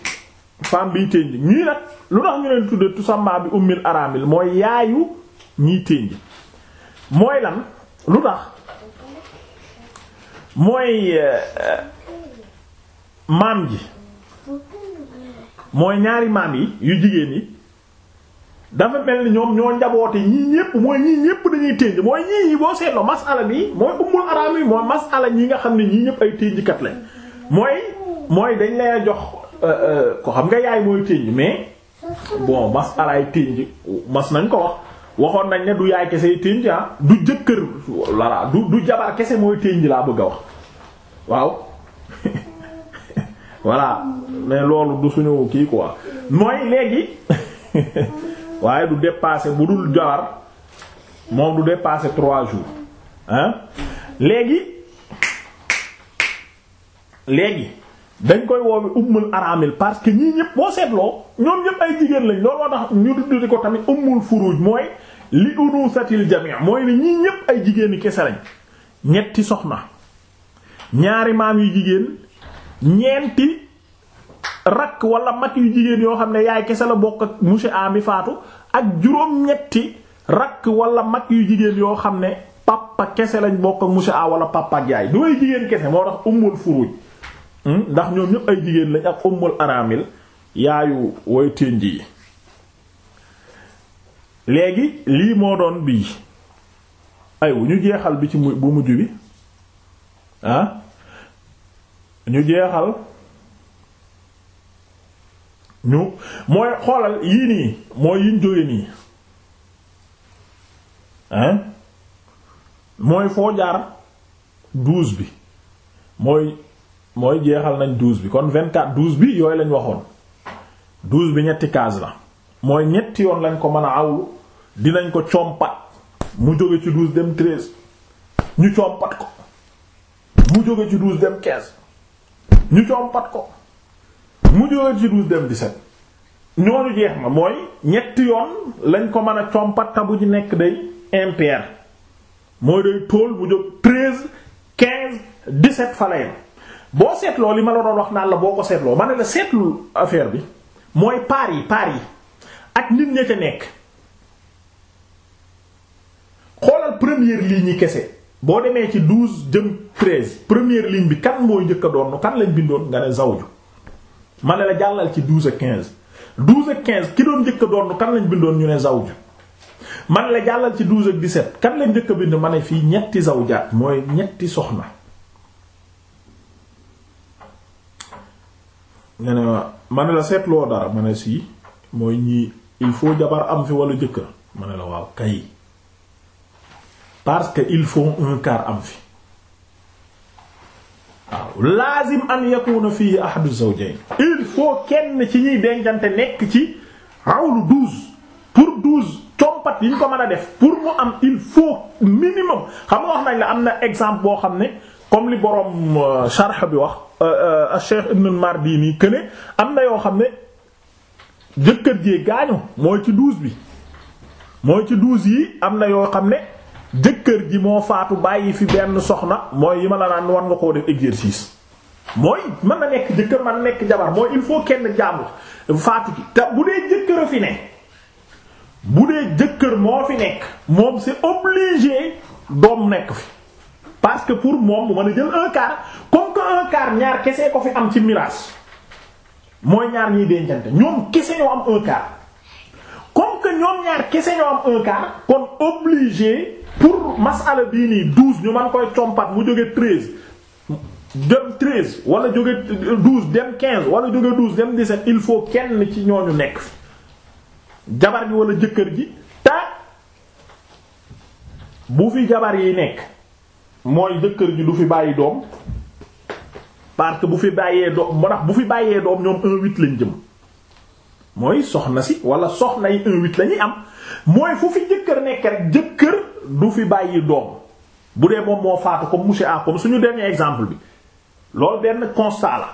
femme biy ténj ñii nag lu tax ñu leen tudde tusamma bi ummil aramil mooy yaayu ñiy ténj mooy lan lu tax mooy euh, maam ji mooy ñaari maam yi yu jigéen yi dafa mel ñoom ñoo njaboote ñii ñépp mooy ñii ñépp dañuy ténj mooy ñii boo seetloo masala bi mooy ummul araam yi mooy masala ñi nga xam ne ñii ñépp ay kat lañ mooy mooy dañ lay jox euh, euh, ko xam nga yaay mooy ténj mais bon masala ay ténj mas nañ ko wax waxoon nañ ne du yaay kese ténj ah du jëkkër lala du du jabar kese mooy ténj laa bëgg a wax waaw [laughs] voilà mais loolu du suñu kii quoi mooy léegi [laughs] waaye du dépasser bu dul jabar moom du dépasser trois jours hein léegi léegi dañ koy woowe ummul aramil parce que ñii ñëpp boo seetloo ñoom ñëpp ay jigéen lañ looloo tax ñu tuddi ko tamit ummul furuj mooy li unusatil jami' mooy ne ñii ñëpp ay jigéeni kese lañ ñetti soxna ñaari maam yu jigéen ñeenti rakk wala mag yu jigéen yoo xam ne yaay kese la bokk ak monsieur mi faatu ak juróom-ñetti rakk wala mag yu jigéen yoo xam ne papa kese lañ bokk ak monsieur A wala papa ak yaay du ay jigéen kese moo tax ummul furuj hmm? ndax ñoom ñëpp ay jigéen lañ ak ummul aramil yaayu way tënj yi léegi lii moo doon bii aywa ñu jeexal bi ci bu mujj bi ah? ñu jeexal. ñu mooy xoolal yii nii mooy yiñ jóge nii hein mooy foo jaar bi mooy mooy jeexal nañ douze bi kon vingt-quatre douze bi yooyu lañ waxoon douze bi ñetti case la mooy ñetti yoon lañ ko mën a awlu dinañ ko compat mu jóge ci douze dem treize ñu compat ko mu jóge ci douze dem quinze ñu compat ko mu jóge ci douze dem dix-sept jeex ma mooy ñetti yoon lañ ko mën a compata bu ci nekk day impair mooy day tóol mu jóg treize quinze dix boo seetloo li ma la doon wax naan la boo ko seetloo ma ne la seetlu affaire bi mooy paar yi ak nit ña ca nekk xoolal premier ligne yi kese boo demee ci douze jëm treize première ligne bi kan mooy njëkk a doon kan lañ bindoon nga ne zawju ma ne la jàllal ci douze ak quinze douze ak quinze ki doon njëkk a kan lañ bindoon ñu ne zawju man la jàllal ci douze ak dix-sept kan lañ njëkk a bind ma fii ñetti zawjaat mooy ñetti soxna. nga ne ma la seetloo dara ma ne sii mooy ñii il faut jabar am fi wala jëkkër ma ne la waaw kay parce que il faut un quart am fi. waaw laazim an yakuna fii ahadu zawjayn il faut kenn ci ñuy dencante nekk ci awlu douze pour douze compat yi ñu ko mën a def pour mu am il faut minimum xam nga wax nañ la am na exemple boo xam ne comme li borom euh, sharh bi wax euh, euh, Cheikh Ibn al-Mardini que am na yoo xam ne jëkkër jee gaañu mooy ci douze bi mooy ci douze yi am na yoo xam ne. jëkkër ji moo faatu bàyyi fi benn soxna mooy yi ma la naan war nga koo def exercice mooy mën na nekk jëkkër mën na nekk jabar mooy il faut kenn jaamu faatu ji te bu dee jëkkër a fi ne bu dee jëkkër moo fi nekk moom c'est obligé doom nekk fi parce que pour moom mu mën a jël un comme que un ñaar kese ko fi am ci miraas mooy ñaar ñuy dencante ñoom kese ñoo am un comme que ñoom ñaar kese ñoo am un kon obligé pour masala bii nii douze ñu man koy compat mu jóge treize dem treize wala jóge douze dem quinze wala jóge douze dem dix il faut kenn ci ñooñu nekk jabar gi wala jëkkër ji ta bu fi jabar yi nekk mooy jëkkër gi du fi bàyyi doom parce bu fi bàyyee doom moo tax bu fi bàyyee doom ñoom un lañ jëm mooy soxna si walla soxna yi un huit am mooy fu fi jëkkër nekk rek jëkkër du fi bàyyi doom bu dee moom moo faatu comme monsieur A comme suñu demee exemple bi lool benn constat la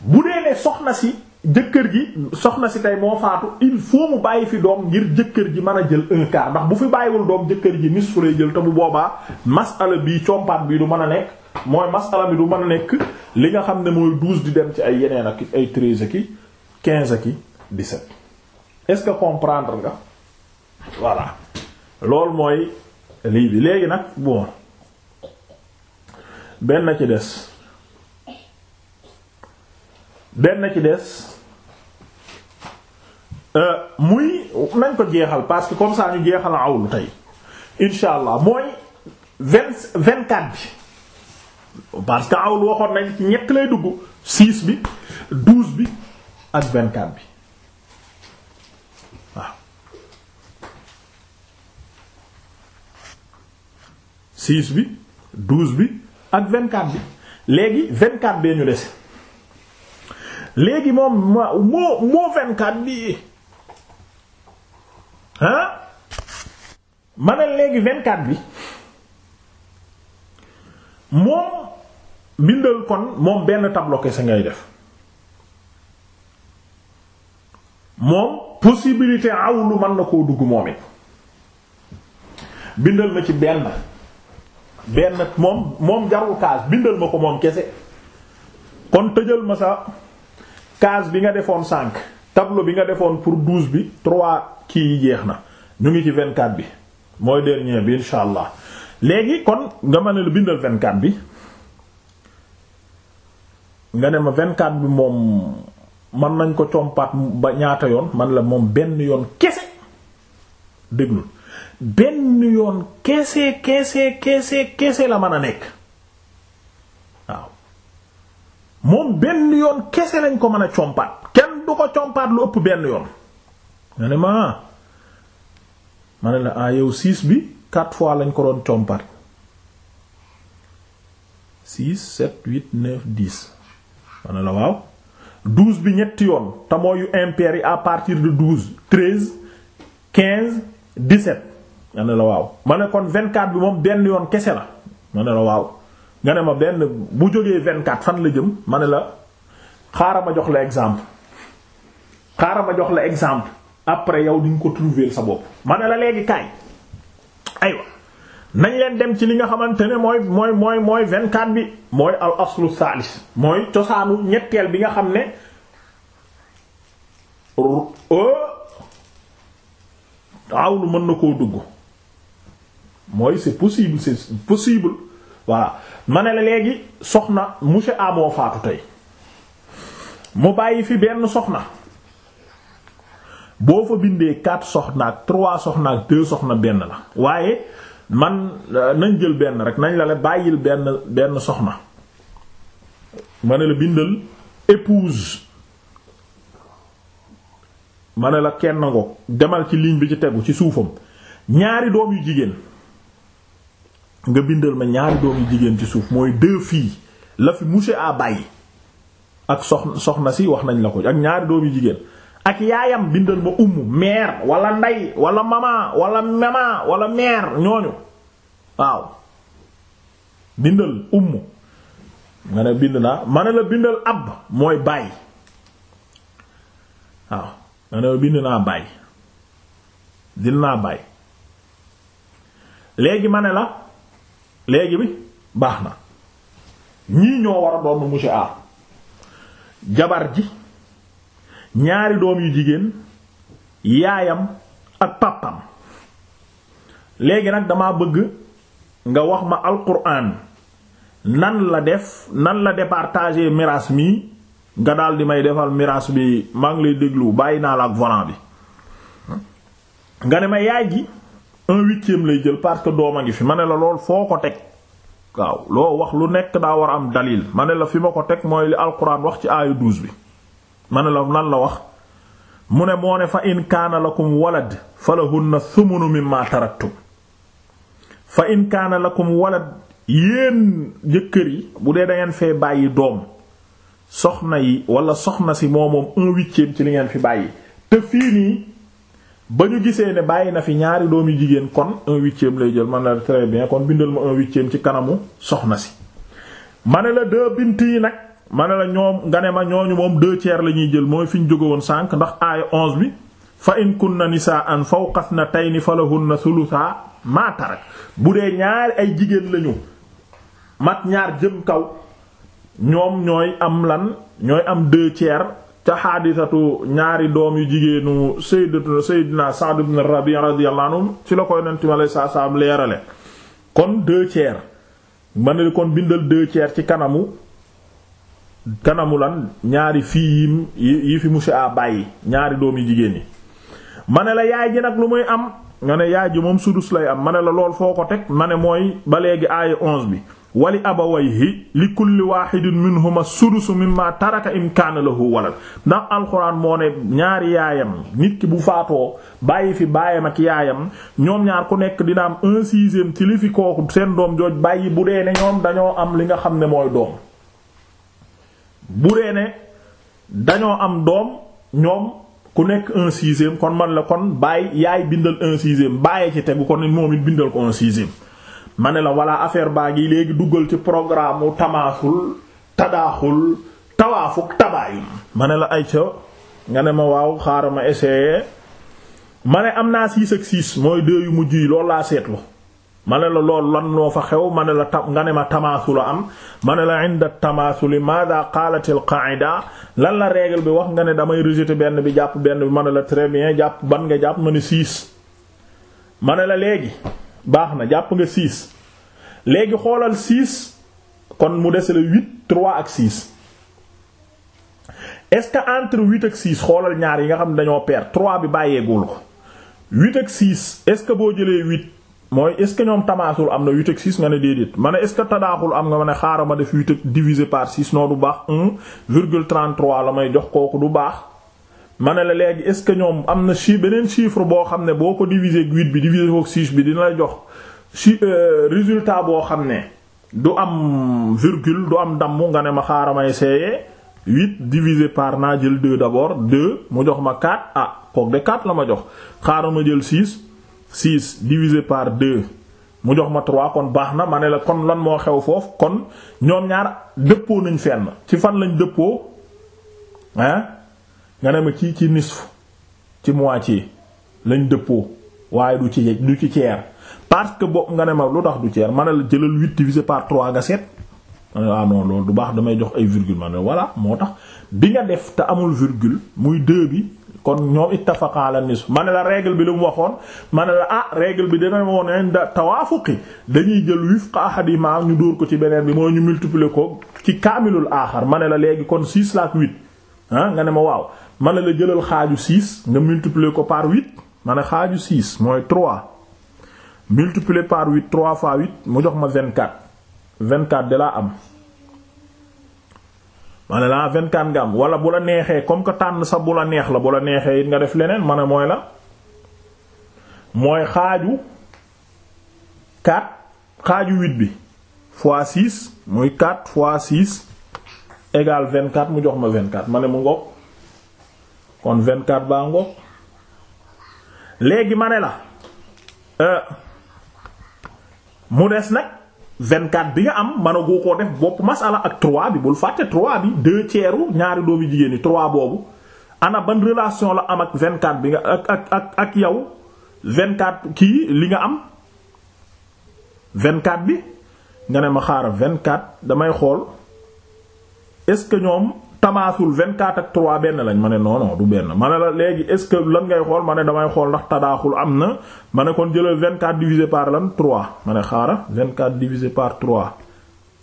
bu dee ne soxna si jëkkër ji soxna si tey moo faatu il faut mu bàyyi fi doom ngir jëkkër ji mën a jël un ndax bu fi bàyyiwul doom jëkkër ji nisfu lay jël te bu boobaa masala bii compaat bii du mën a nekk mooy masala bi du mën a nekk li nga xam ne mooy douze di dem ci ay yeneen ak ay treize ki i quinze ak i dix-sept est-ce que comprendre nga voilà loolu lii bi léegi nag bon benn ci des benn ci des euh, muy nañ ko jeexal parce que comme ça ñu jeexal awlu tey insha allah mooy vingt vingt quatre bi parce que awlu waxoon nañ ci lay dugg six bi douze bi ak vingt quatre bi 6 bi 12 bi ak 24 bi léegi 24 bee ñu dese léegi moom moo moo 24 bi ah ma léegi 24 bi moom bindal kon moom benn tableau kese ngay def moom possibilité awlu mën na koo dugg moom bindal ma ci benn. benn moom moom jarul kaas bindal ma ko moom kese kon tëjal ma sa kaas bi nga defoon cinq tableau bi nga defoon pour douze bi trois kii yi jeex na ñu ngi ci vingt bi mooy dernier bi insha allah léegi kon nga ma ne la bindal vingt-quatre bi nga ne ma vingt bi moom man nañ ko compat ba ñaata yoon man la moom benn yoon kese déglu benn yoon kese kese kese kese la mën a nekk waaw moom benn yoon kese lañ ko mën a compaat kenn du ko compaat lu ëpp benn yoon nga ne ma ah. ma ne la ah yow six bi quatre fois lañ ko doon compaat six sept huit la waaw douze bi ñetti yoon te yu impair yi à partir de douze treize quinze dix nga ne la waaw ma ne kon 24 bi moom benn yoon kese la ma ne la waaw nga ne ma benn bu jógee 24 fan la jëm ma ne la xaaral ma jox la exemple xaaral ma jox la exemple après yow di nga ko trouver sa bopp. ma la léegi kaay aywa nañ leen dem ci li nga xamante ne mooy mooy mooy mooy 24 bi mooy al aslu saalis mooy cosaanu ñetteel bi nga xam ne. E, awlu mën na koo dugg mooy c'est possible c'est possible voilà ma ne la léegi soxna monsieur A moo faatu tey mu bàyyi fi benn soxna boo fa bindee quatre soxna ak trois soxna soxna benn la waaye man euh, nañ jël benn rek nañ la la bàyyil benn benn soxna ma ne la bindal épouse ma ne la kenn ngo demal ci ligne bi ci tegu ci suufam ñaari doom yu jigéen nga bindal ma ñaari doom yu jigéen ci suuf mooy deux filles la fi monsieur a bàyyi ak soxna soxna si wax nañ la ko ak ñaari doom yu jigéen ak yaayam bindal ma umm mère wala ndey walla mama wala meer wala ñooñu waaw bindal umm nga ne bind naa ma ne la bindal ab mooy bàyyi waaw nga ne bind naa bàyyi dina bàyyi léegi ma ne la léegi bi baax na ñii ñoo war a doon monsieur A jabar ji ñaari doom yu jigéen yaayam ak pàppam léegi nag dama bëgg nga wax ma alquran nan la def nan la départager miraas mi nga daal di may defal miraas bi maa lay déglu bàyyi naa la ak volant bi nga ne ma yaay ji un huitième lay jël parce que doom a ngi fi ma ne la lool foo ko teg waaw loo wax lu nekk daa war a am dalil ma ne la fi ma ko teg mooy li alquran wax ci aayu douze bi ma ne la nan la wax mu ne moo ne fa in kaana lakum walad falahunna thumunu mimma taraktum fa in kaana lakum walad yéen jëkkër yi bu dee dangeen fee bàyyi doom soxna yi wala soxna si moomoom un huitième ci li ngeen fi bàyyi te fii nii ba ñu gisee ne bàyyi na fi ñaari doom yu jigéen kon un huitième lay jël man la très bien kon bindal ma un huitième ci kanamu soxna si ma ne la deux bint yi nag ma ne la ñoom nga ne ma ñooñu moom deux tiers la ñuy jël mooy fi ñu jóge woon sànq ndax aaya onze bi fa inkun na in kunna nisaan fawqa thnatayni falahunna thulutha ma tarak bu dee ñaari ay jigéen lañu mat ñaar jëm kaw ñoom ñooy am lan ñooy am deux ca xaadisatu ñaari doom yu jigéenu sayyidatu sayyidina Sa'd ibn Rabi' radiyallahu anhu ci la koy nent mi alay saa leerale kon deux tiers ma kon bindal deux tiers ci kanamu kanamu lan ñaari fii yi yi fi monsieur a bàyyi ñaari doom yu jigéen yi ma ne la yaay ji nag lu muy am nga ne yaay ji moom sudus lay am ma ne la lool foo ko teg ma ne mooy ba léegi aaya onze bi wali abawayhi li kulli wahidin minhuma sudusu mimma taraka in kaana lahu walad ndax alxuraan moo ne ñaari yaayam nit ki bu faatoo bàyyi fi baayam ak yaayam ñoom ñaar ku nekk dina am un sixième ci li fi kooku seen doom jooj bàyyi bu dee ne ñoom dañoo am li nga xam ne mooy doom bu dee ne dañoo am doom ñoom ku nekk un sixième kon man la kon bàyyi yaay bindal un sixième bàyyi ci tegu kon moom it bindal ko un sixième ma ne la walla affaire baa ngi léegi duggal ci programme u tamaasul tadaaxul tawaafuk tabaayun ma ne la ay ca nga ne ma waaw xaaral ma essayer ma ne am naa 6 ak 6 mooy deux yu mujj yi loolu laa seetlu ma ne la lool lan loo fa xew ma ne la ta nga ne ma tamaasul a am ma ne la inda tamaasuli maada qaalatil qaida lan la règle bi wax nga ne damay rejeter benn bi jàpp benn bi ma ne la très bien jàpp ban nga jàpp ma ne 6 ma ne la léegi baax na jàpp nga 6 léegi xoolal 6 kon mu dese la 8 3 ak 6 est-ce que entre 8 ak 6 xoolal ñaar yi nga xam ne dañoo perdre 3 bi bàyyeegul ko 8 ak 6 est-ce que boo jëlee 8 mooy est-ce que ñoom tamaasul am na 8 ak 6 nga ne déedéet ma ne est-ce am nga ma ne xaaral ma def 8 ak divisé par 6 noo du baax 1 virgule 33 la may jox kooku du baax. ma ne la léegi est-ce que ñoom am na chi beneen chiffre boo xam ne boo ko diviser ak bi diviser ko ak 6 bi dina la jox chi euh, résultat boo xam ne du am virgule du am damm nga ne ma xaaral may seeyee 8 divisé par naa jël 2 d'abord 2 mu jox ma 4 ah kook de 4 la ma jox xaaral ma jël 6 6 divisé par 2. mu jox ma trois kon baax na ma ne la kon lan moo xew foofu kon ñoom ñaar dëppoo nañ fenn ci fan lañ dëppoo ah nga ne ma ci ci nisf ci moitié lañ dëppoo waaye du ci du ci tiers parce que boobu nga ne ma lu tax du tiers ma ne la jëlal huit divisé par trois nga seet ah non loolu du baax damay jox ay virgule ma ne voilà moo tax bi nga def te amul virgule muy deux bi kon ñoom ittafaqa ala nisf ma ne la règle bi lu mu waxoon ma ne la ah règle bi dana moo ne da tawaafuqi dañuy jël wifqa ahadima ñu dóor ko ci beneen bi mooy ñu multiplier ko ci kaamilul aaxar ma ne la léegi kon six la ak ah nga ne ma waaw ma la jëlal xaaju 6 nga multiplier ko par 8 ma ne xaaju 6 mooy 3 multiplier par 8 3 fois 8 mu jox ma vingt 24 di laa am. ma ne la 24 ah, nga am wala bu la neexee comme que tànn sa bu la neex la bu la neexee it nga def leneen ma ne mooy la mooy xaaju 4 xaaju 8 bi fois 6 mooy 4 fois 6. égal 24 mu jox ma 24 ma ne mu ngoog kon 24 baa ngoog léegi ma ne la euh, mu des nag 24 bi nga am man a goo koo def bopp masala ak 3 bi bul fàtte 3 bi deux tiers ñaari doomi jigéen ñi 3 boobu ana ban relation la am ak 24 bi nga ak ak ak ak yow 24 kii li nga am 24 bi nga ne ma xaaral 24 damay xool. est-ce que ñoom tamaasul 24 ak 3 benn lañ ma ne non non du benn ma ne la léegi est-ce que lan ngay xool ma ne damay xool ndax tadaaxul am na ma ne kon jëlal 24 divisé par lan 3 ma ne xaara 24 divisé par trois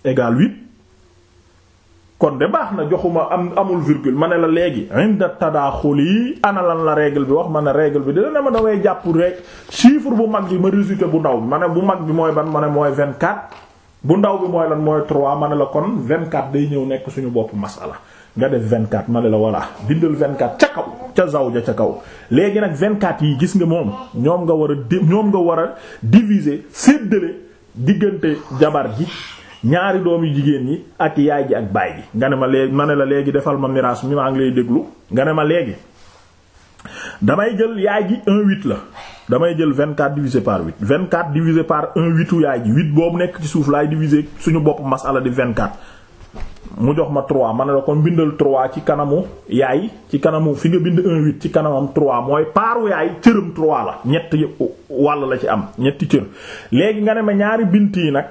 égal 8 kon de baax na joxuma am amul virgule ma ne la léegi inda tadaaxul yi ana la règle bi wax ma ne régle bi dina ne ma dawee jàpp rek chiffre bu mag bi ma résultat bu ndaw bi ma ne bu mag bi mooy ban ma ne mooy 24. bu ndaw bi mooy lan mooy 3 ma ne la kon 24 day ñëw nekk suñu bopp masala nga def 24 ma ne la voilà bindal 24 ca kaw ca zawja ca kaw léegi nag 24 yi gis nga moom ñoom nga war a di ñoom nga war a diviser séddale diggante jabar ji ñaari doom yu jigéen ñi ak yaay ji ak baay ji nga ne ma léegi ma ne la léegi defal ma miraas mi maa ngi lay déglu nga ne ma léegi damay jël yaay ji 1 8 la damay jël vingt quatre divisé par huit vingt quatre divisé par un huitu yaay ji huit boobu nekk ci suuf laay diviser suñu bopp masala di vingt quatre mu jox ma trois ma ne la kon bindal trois ci kanamu yaay ci kanamu fi bind un ci kanamam trois mooy paaru yaay cëram trois la ñett ñetti wàll la ci am ñetti cër léegi nga ne ma ñaari bint yi nag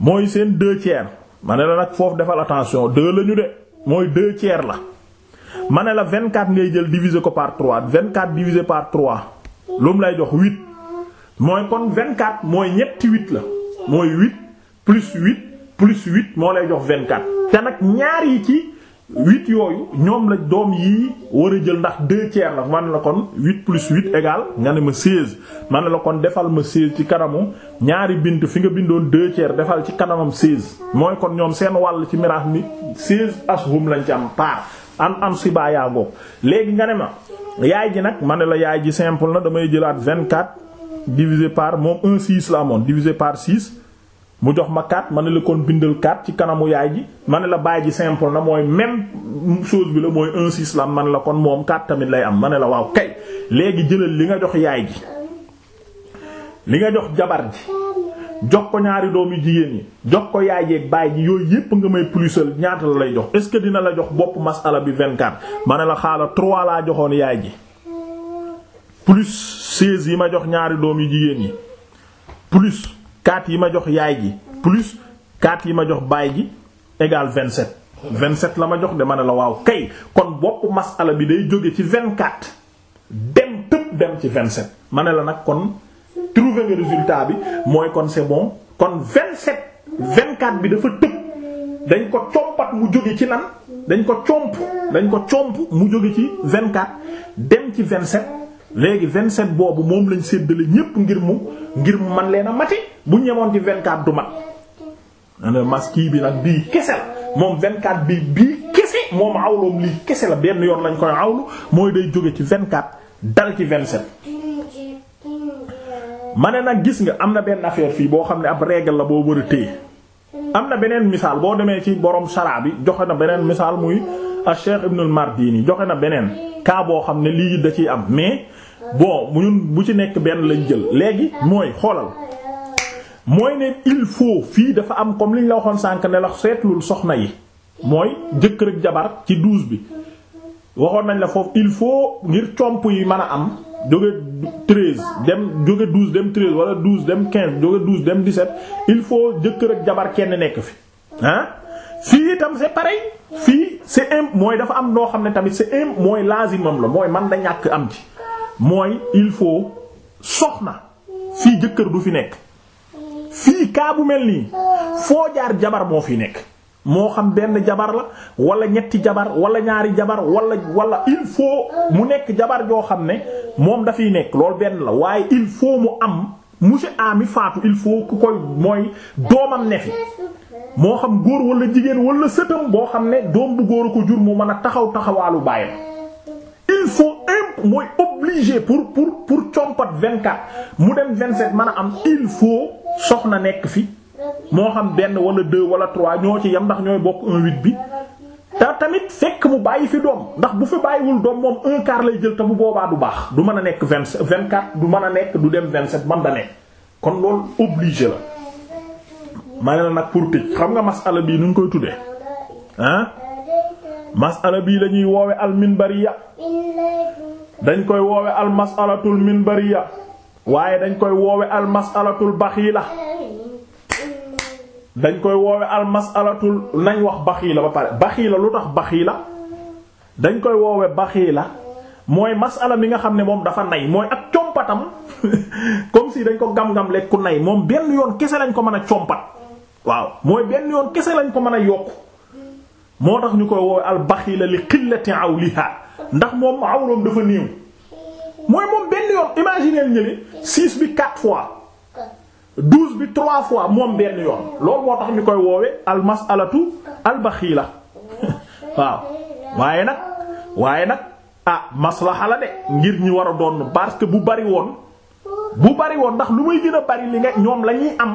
mooy seen deux tiers ma ne la nag foofu defal attention deux la ñu de mooy deux tiers la ma ne la vingt quatre ngay jël diviser ko par trois vingt quatre divisé par trois lu mu lay jox huit mooy kon vingt-quatre mooy ñetti huit la mooy huit plus huit plus huit moo lay jox vingt-quatre te nag ñaari yi ci huit yooyu ñoom la doom yi war a jël ndax deux tiers la man la kon huit plus huit égal nga ne ma seize man la kon defal ma seize ci kanamu ñaari bint fi nga bindoon deux defal ci kanamam seize mooy kon ñoom seen wàll ci miraas mi seize ashum lañ ci am par an am si baa yaa léegi nga ne ma yaay ji nag ma ne la yaay ji simple na damay jëlaat vingt quatre divisé par moom un six la amoon divisé par six mu jox ma 4 ma ne la kon bindal 4 ci kanamu yaay ji ma ne la baay ji simple na mooy même chose bi la mooy un 6 la man la kon moom 4 tamit lay am ma ne la waaw kay léegi jëlal li nga jox yaay ji li nga jox jabar ji jox ko ñaari doom yi jigéen ñi jox ko yaay jeeg baay ji yooyu yépp nga may plusal ñaata la lay jox est ce que dina la jox bopp masala bi 24 ma ne la xaala 3 laa joxoon yaay ji plus 16 yi ma jox ñaari doom yi jigéen ñi plus 4 yi ma jox yaay ji plus 4 yi ma jox baay ji égal 27. 27 la ma jox de ma ne la waaw kay kon bopp masala bi day jóge ci 24 dem tëb dem ci 27 ma ne la nag kon. trouver nga résultat bi mooy kon c'est bon kon 27 24 bi dafa tëb dañ ko compat mu jóge ci lan dañ ko comp dañ ko comp mu jóge ci 24 dem ci 27 léegi 27 boobu moom lañ séddale ñépp ngir mu ngir mu man leen a mati bu ñemoon ci 24 du mat ana maski bi nag bii kese la moom 24 bi bii kese moom awloom lii kese la benn yoon lañ koy awlu mooy day jóge ci 24 dal ci 27 ma ne nag gis nga am na benn affaire fii boo xam ne ab règle la boo war a am na beneen misaal boo demee ci borom saraa bi joxe na beneen misaal muy a Cheikh Ibn al-Mardini joxe na beneen kaa boo xam ne lii da ciy am mais bon ñun bu ci nekk benn lañ jël léegi mooy xoolal mooy ne il fii dafa am comme liñ la waxoon sànk ne la seetlul soxna yi mooy jëkkër ak jabar ci douze bi waxoon nañ la foofu il faut ngir comp yi mën a am. jóge 13 dem jóge 12 dem 13 wala 12 dem 15 jóge 12 dem 17 il faut jëkkër ak jabar kenn nekk fi fii itam c'est fii c'est im mooy dafa am noo xam ne tamit c'est im mooy lazimam la mooy man da ñàkk am ci mooy il faut soxna fii jëkkër du fi nekk fii kaa bu mel nii foo jaar jabar moo fi nekk moo xam benn jabar la wala ñetti jabar wala ñaari jabar walla walla il faut mu nekk jabar joo xam ne moom dafay nekk loolu benn la waaye il faut mu am monsieur ami faatu il faut ku koy mooy doomam ne fi moo xam góor wala jigéen wala sëtam boo xam ne doom bu góor a ko jur mu mën a taxaw taxawaalu bàyyam il faut imp mooy obligé pour pour pour compat 24 mu dem 27 mën a am il faut soxna nekk fi moo xam benn wala deux wala trois ñoo ci yam ndax ñooy bokk un bi te tamit fekk mu bàyyi fi doom ndax bu fi bàyyiwul doom moom un lay jël te bu boobaa du baax du mën a nekk vingt vingt quatre du mën a nekk du dem vingt sept man da nekk kon lool obligé la ma ne la nag pour tëj xam nga masala bii nu koy tuddee ah masala bii la ñuy almin al minbariya dañ koy woowe al masalatul minbariya waaye dañ koy woowe al masalatul la dañ koy woowe almasalatul nañ wax baxiila ba pare baxiila lu tax baxiila dañ koy woowe baxiila mooy masala mi nga xam ne moom dafa nay mooy ak compatam [laughs] comme si dañ ko gam-gam lekk ku nay moom benn yoon kese lañ ko mën a compat waaw mooy benn yoon kese lañ ko mën a yokk moo tax ñu koy woowe albaxiila li xillati awliha ndax moom awloom dafa néew mooy moom benn yoon imaginer ñëli six bi quatre fois douze bi trois fois moom benn yoon loolu moo tax ñu koy woowee almas alatu al baxiila [laughs] waaw waaye nag waaye nag ah maslaxa la de ngir ñi war a doon parce que bu bari woon bu bari woon ndax lu muy gën a bari li nga ñoom la ñuy am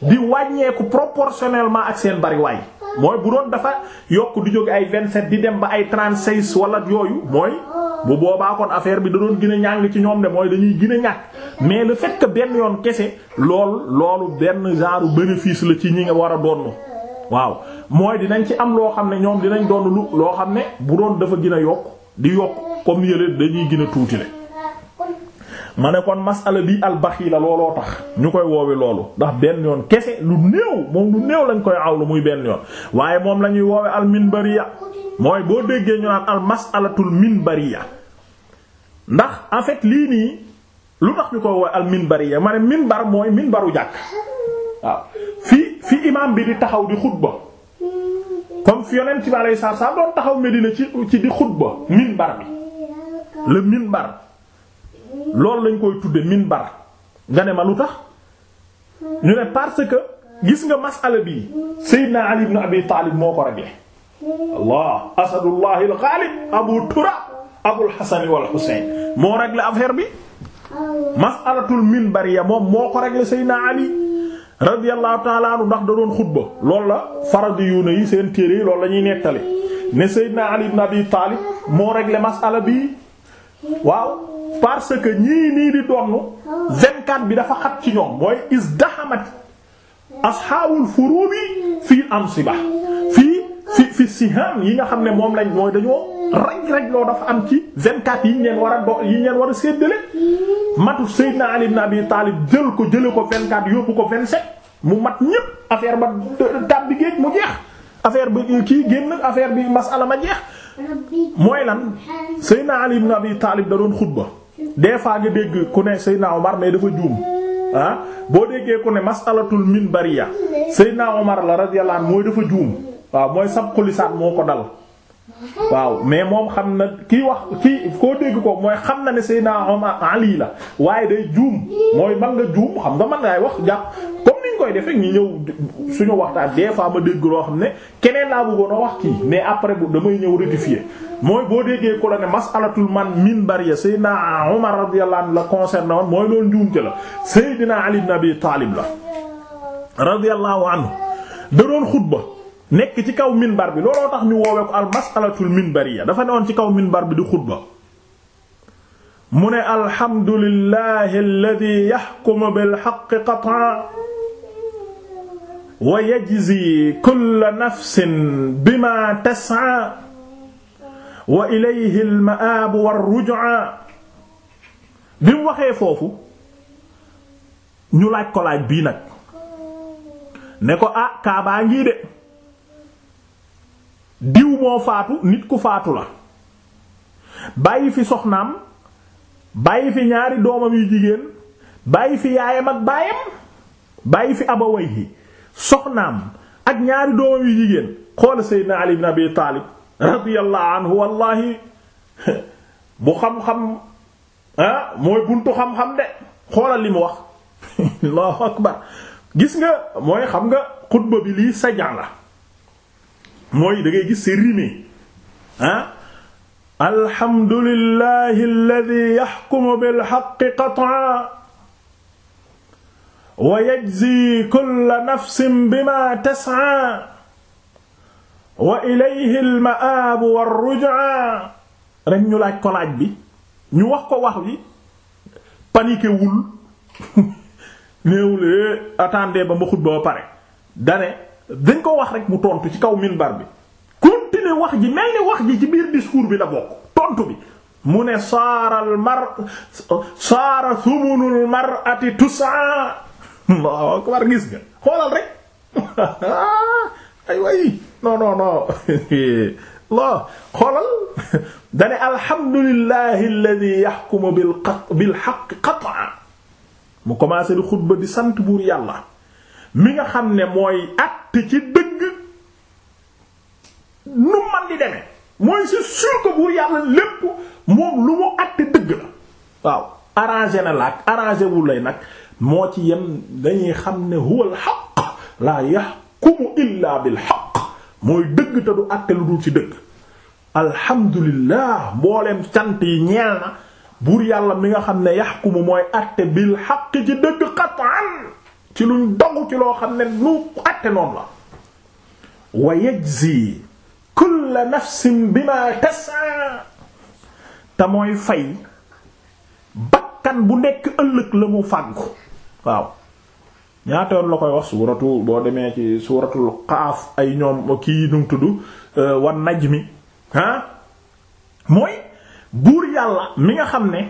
di wàññeeku proportionnellement ak seen bariwaay mooy bu doon dafa yokk di jóge ay vingt-sept di dem ba ay trente-six wala yooyu mooy bu boobaa kon affaire bi da doon gën a ñàng ci ñoom de mooy dañuy gën a ñàkk mais le fekk benn yoon kese lool loolu benn genre bénéfice la ci ñi ngi war a doon waaw mooy dinañ ci am loo xam ne ñoom dinañ doon lu loo xam ne bu doon dafa gën a yokk di yokk comme yële dañuy gën a tuuti ma kon masala bi albaxiila looloo tax ñu koy woowe loolu ndax benn yoon kese lu néew moom lu néew lañ koy aw awlu muy benn yoon waaye moom la ñuy woowe alminbariya mooy boo déggee ñu naan almasalatul minbariya ndax en fait lii nii lu tax ñu koy woowe alminbariya ma ne minbar mooy minbaru jàkk waaw fii fi imam bi di taxaw di xutba comme fi yonent bi alayhi salaam doon taxaw Medina ci ci di xutba minbar bi le minbar loolu lañ koy tudde minbar nga ne ma lu tax ñu ne parce que gis nga masala bi Seydina Ali ibn Abi Taalib moo ko réglé allah asadullah al ghalib abu tura abul hasan wal husayn moo réglé affaire bi masalatul minbar ya moom moo ko réglé Seydina Ali radiyallahu ta'ala anhu ndax da doon xutba loolu la faradi yuuna yi seen téere yi loolu la ñuy nettali ne Seydina Ali ibn Abi Taalib moo réglé masala bi waaw parce que ñii nii di donn 24 bi dafa xat ci ñoom mooy isdahamat asxaabul furuubi fii ba fii fi fi siham yi nga xam ne moom lañ mooy dañoo raj raj loo dafa am ci 24 yi ngeen war a do yi ngeen war a séddale matu Seydina Ali na Abi Taalib jël ko jële ko 24 yóbbu ko 27 mu mat ñépp affaire ba tab bi géej mu jeex affaire bi kii génn affaire bi masala ma jeex mooy lan Seydina Ali ibn Abi Taalib da doon xutba des fois nga dégg ku ne Seydina Omar mais dafa juum ah boo déggee ku ne masalatul minbariya Seydina Omar la radiyallahu anhu mooy dafa juum waaw mooy sab xulisaat moo ko dal waaw mais moom xam na kii wax kii koo dégg ko mooy xam na ne Seydina Omar Ali la waaye day juum mooy man nga juum xam nga man ngay wax jàpp comme niñ koy defee ñu ñëw suñu waxtaan des fois ma dégg loo xam ne keneen laa bëggoon a wax kii mais après bu damay ñëw rectifier mooy boo déggee ko la ne masalatul man min bari ya Seydina Omar radiyallahu la concerné woon mooy loolu njuumte la Seydina Ali ibn Abi Talib la radiyallahu anhu da doon xutba nekk ci kaw minbar bi looloo tax ñu woowee ko al minbariya dafa oon ci kaw minbar bi di xutba mu ne alhamdulillahi alladi yaxkumu bilxaqi qataan wa yajzi kulla nafsin bima tas'a wa ilayhi almaabu warruj'a mu waxee foofu ñu laaj ko laaj bii nag ne ko ah kaabaa ngii de diw moo faatu nit ku faatu la bàyyi fi soxnaam bàyyi fi ñaari doomam yu jigéen bàyyi fi yaayam ak baayam bàyyi fi abawayhi soxnaam ak ñaari doomam yu jigéen xool Seydina Ali ibn Abi Taalib radiyallahu anhu wallahi [laughs] bu xam-xam ah mooy buntu xam-xam de xoolal li mu wax [laughs] allahu akbar gis nga mooy xam nga xutba bi lii sajan la mooy da ngay gis c'est rimé ah alhamdulillahi alladhi yahkumu bil haqqi qat'an wa yajzi kulla nafsin bima tas'a wa ilayhi al ma'ab war ruj'a rek ñu laaj ko laaj bi ñu wax ko wax bi paniqué wul [laughs] néewul attendez ba ma xutba ba pare dane dañ ko wax rek mu tontu ci kaw minbar bi continuer wax ji mel wax ji ci bir discours bi la bokk tontu bi mu ne saaral mar saara sumunul mar'ati tus'a Allahu akbar gis nga xoolal rek [laughs] ay way non non non la [laughs] xoolal [laughs] di xutba di sant buur yàlla mi nga xam ne mooy àtte ci dëgg nu man di demee mooy c'est sûr que buur yàlla lépp moom lu mu àtte dëgg la waaw arrangé na la ak arrangé lay nag moo ci yem dañuy xam ne huwal xaq laa yaxkumu illaa bil xaq mooy dëgg te du àtte lu dul ci dëgg alhamdulillah mbooleem cant yi ñeel na buur yàlla mi nga xam ne yaxkumu mooy àtte bil xaq ci dëgg qatan ci lu dong ci loo xam ne nu àtte noonu la wa yajzi kulla nafsin bima tas'a te mooy fay bakkan bu nekk ëllëg la mu fàggu waaw ñaata la koy wax suuratu boo demee ci suuratul qaaf ay ñoom kii nu mu tudd euh, wan najmi ah mooy buur yàlla mi nga xam ne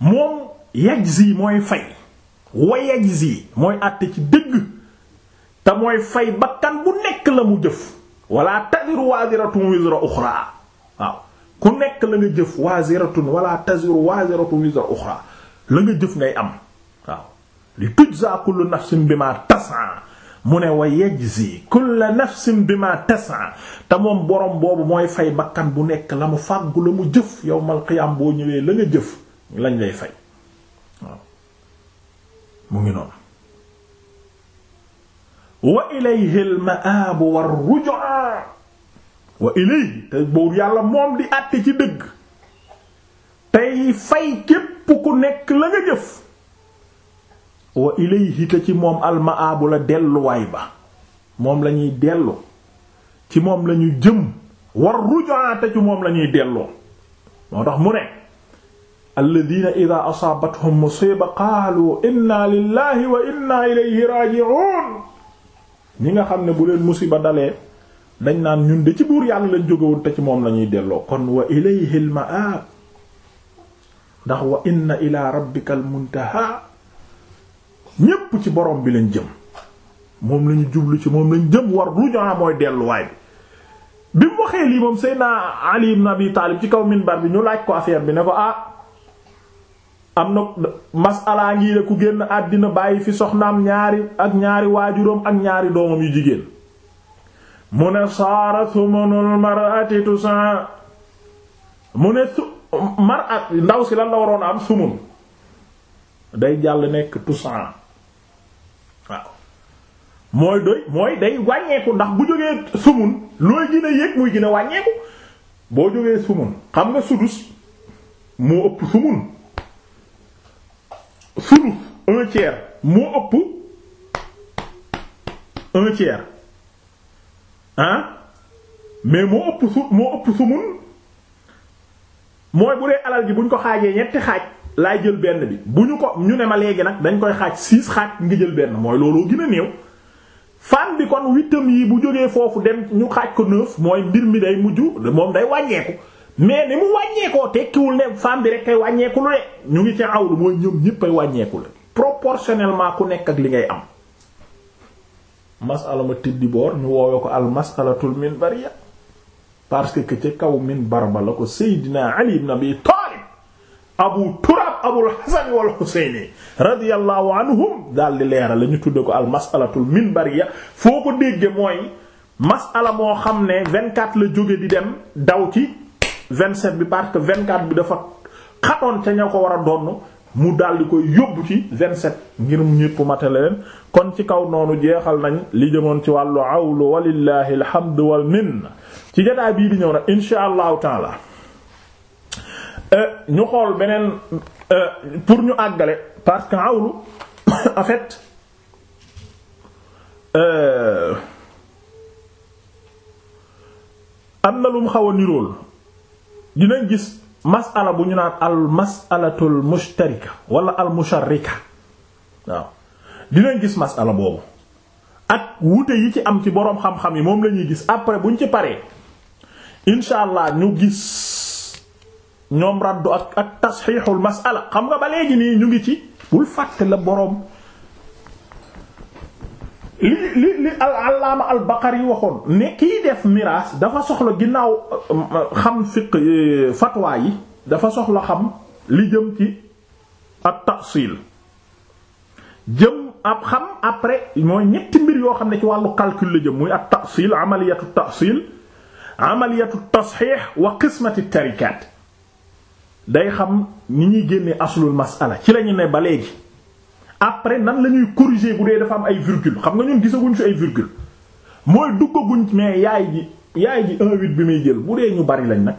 moom yajzi mooy fay wayajzi mooy àtte ci dëgg te mooy fay bakkan bu nekk la mu jëf walaa taziru waziratun wizra uxra waaw ku nekk la nga jëf waziratun wala taziru waziratun wizra uxra la nga jëf ngay am waaw li tujza kullu nafsin bima tas'a mu ne wa yajzi kulla nafsin bima tas'a te moom borom boobu mooy fay bakkan bu nekk la mu fàggu la mu jëf yawmal qiyaam boo ñëwee la nga jëf lañ lay fay mu ngi noonu wa ilayhi al war rujaa wa ilayhi te buur yàlla moom di àtte ci dëgg tey fay képp ku nekk la nga jëf wa ilayhi te ci moom al la delluwaay ba moom lañuy dellu ci moom lañu jëm war rujaa te ci moom lañuy delloo moo tax mu ne alladina ida asaabathum musiba qaalu inna lillahi wa inna ilayhi raji'un ñi nga xam ne bu leen musiba dalee dañ naan ñun de ci buur yàlla lañ jógewul te ci moom lañuy delloo kon wa ilayhi al ma'ab ndax wa inna ila rabbikal muntaha ñépp ci borom bi lañ jëm moom lañu jublu ci moom lañ jëm war rujaa mooy delluwaay bi bi mu waxee lii moom Seydina Ali ibn Abi Taalib ci kaw minbar bi ñu laaj ko affaire bi ne ko ah am na masalaa ngi de ku génn àddina bàyyi fi soxnaam ñaari ak ñaari waajuram ak ñaari doomam yu jigéen mu ne saara thumanul mar'ati tusan mu ne su mar'at ndaw si lan la waroon am sumun day jàll nekk tusan waaw mooy doy mooy day wàññeeku ndax bu jógee sumun looy gën a yéeg muy gën wàññeeku boo jógee sumun xam nga sudus moo ëpp sumun sunu un tiers moo ëpp un tiers ah mais moo ëpp su moo ëpp sumun mooy bu dee alal ji bu ñu ko xaajee ñetti xaaj laay jël benn bi bu ñu ko ñu ne ma léegi nag dañ koy xaaj six xaaj nga jël benn mooy looloo gën a néew fan bi kon huitième yi bu jógee foofu dem ñu xaaj ko neuf mooy mbir mi day mujj moom day wàññeeku mais ni mu wàññeekoo tekkiwul ne femme bi rek kay wàññeeku lu de ñu ngi ci awlu mooy ñoom ñëpp ay wàññeeku la proportionnellement ku nekk ak li ngay am masala ma tëddi ñu woowe ko al masalatul minbariya parce que ca kaw minbar ba la ko Seydina Ali ibn Abi Taalib Abu Turaab Abul Hasan wal Husayni radiyallahu anhum daal di leeral la ñu tudde ko al masalatul minbariya foo ko dégge mooy masala moo xam ne 24 la jóge di dem daw ci vingt-sept bi parce que vingt-quatre bi dafa xatoon te ña ko war a donn mu daal koy yóbbu ci vingt-sept ngir ñépp matale leen kon ci kaw noonu jeexal nañ li jëmoon ci wàllu awlu walillahi alhamdu wal minna ci jotaay bii di ñëw nag insha allahu taala euh, ñu xool beneen euh, pour ñu àggale parce que awlu [coughs] en euh, am na lum xaw a nirool dinañ gis masala bu ñu naan al masalatul mushtarika wala al musharrika waaw dinañ gis masala boobu ak wute yi ci am ci boroom xam-xam yi moom la ñuy gis après ñu ci paree incha allah ñu gis ñoom raddu ak ak masala xam nga ba léegi nii ñu ngi ci bul fàtte la boroom li li li al allaama yi waxoon ne kiy def miraas dafa soxla ginnaaw euh, xam fiq euh, fatwa yi dafa soxla xam li jëm ci at jëm ab xam après mooy ñetti mbir yoo xam ne ci wàllu calcul la jëm muy at tasil amaliyatu tasil amaliyatu tasxiix wa qismati tarikat day xam ni ñuy génnee aslul masala ci lañu ne ba léegi après nan la ñuy corriger bu dee dafa am ay virgule xam nga ñun gisaguñ si ay virgule mooy duggaguñ mais yaay ji yaay ji 1 8 bi muy jël bu dee ñu bari lañ nag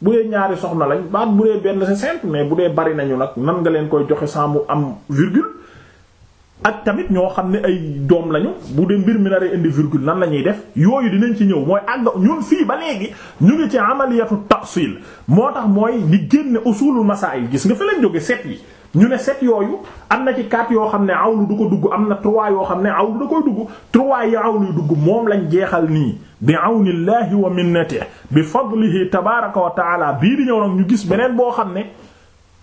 bu dee ñaari soxna lañ baat bu dee benn c'est simple mais bu dee bari nañu nag nan nga leen koy joxe sans am virgule ak tamit ñoo xam ni ay doom lañu bu dee mbir mi nar a indi virgule nan la ñuy def yooyu dinañ ci ñëw mooy àgg ñun fii ba léegi ñu ngi ci amaliyatu tafsil moo tax mooy li génne usulul masail gis nga fa lañ jóge set yi ñu ne sept yooyu am na ci quatre yoo xam ne awlu du ko dugg am na trois yoo xam ne awlu da koy dugg trois yi awluy dugg moom lañ jeexal nii bi awnillahi wa minnatihi bi fadlihi tabaraka wa taala bii di ñëw ñu gis beneen boo xam ne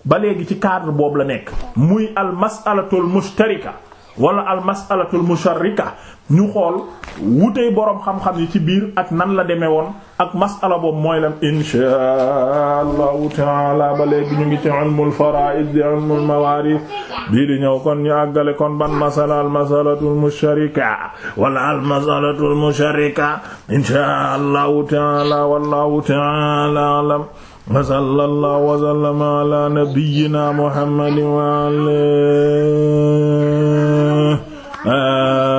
ba léegi ci cadre boobu la nekk muy al masalatul mushtarika wala al masalatul musharrika ñu xool wutey boroom xam-xam yi ci biir ak nan la demee woon ak masala boobu mooy lan inshaa allahu taala ba léegi ñu ngi ci ilmul fara'id di ilmul mawarith bii di ñëw kon ñu àggale kon ban masala al masalatul musharrika wala al masalatul musharrika inshaa taala wallahu taala alam wa sallallahu wa sallama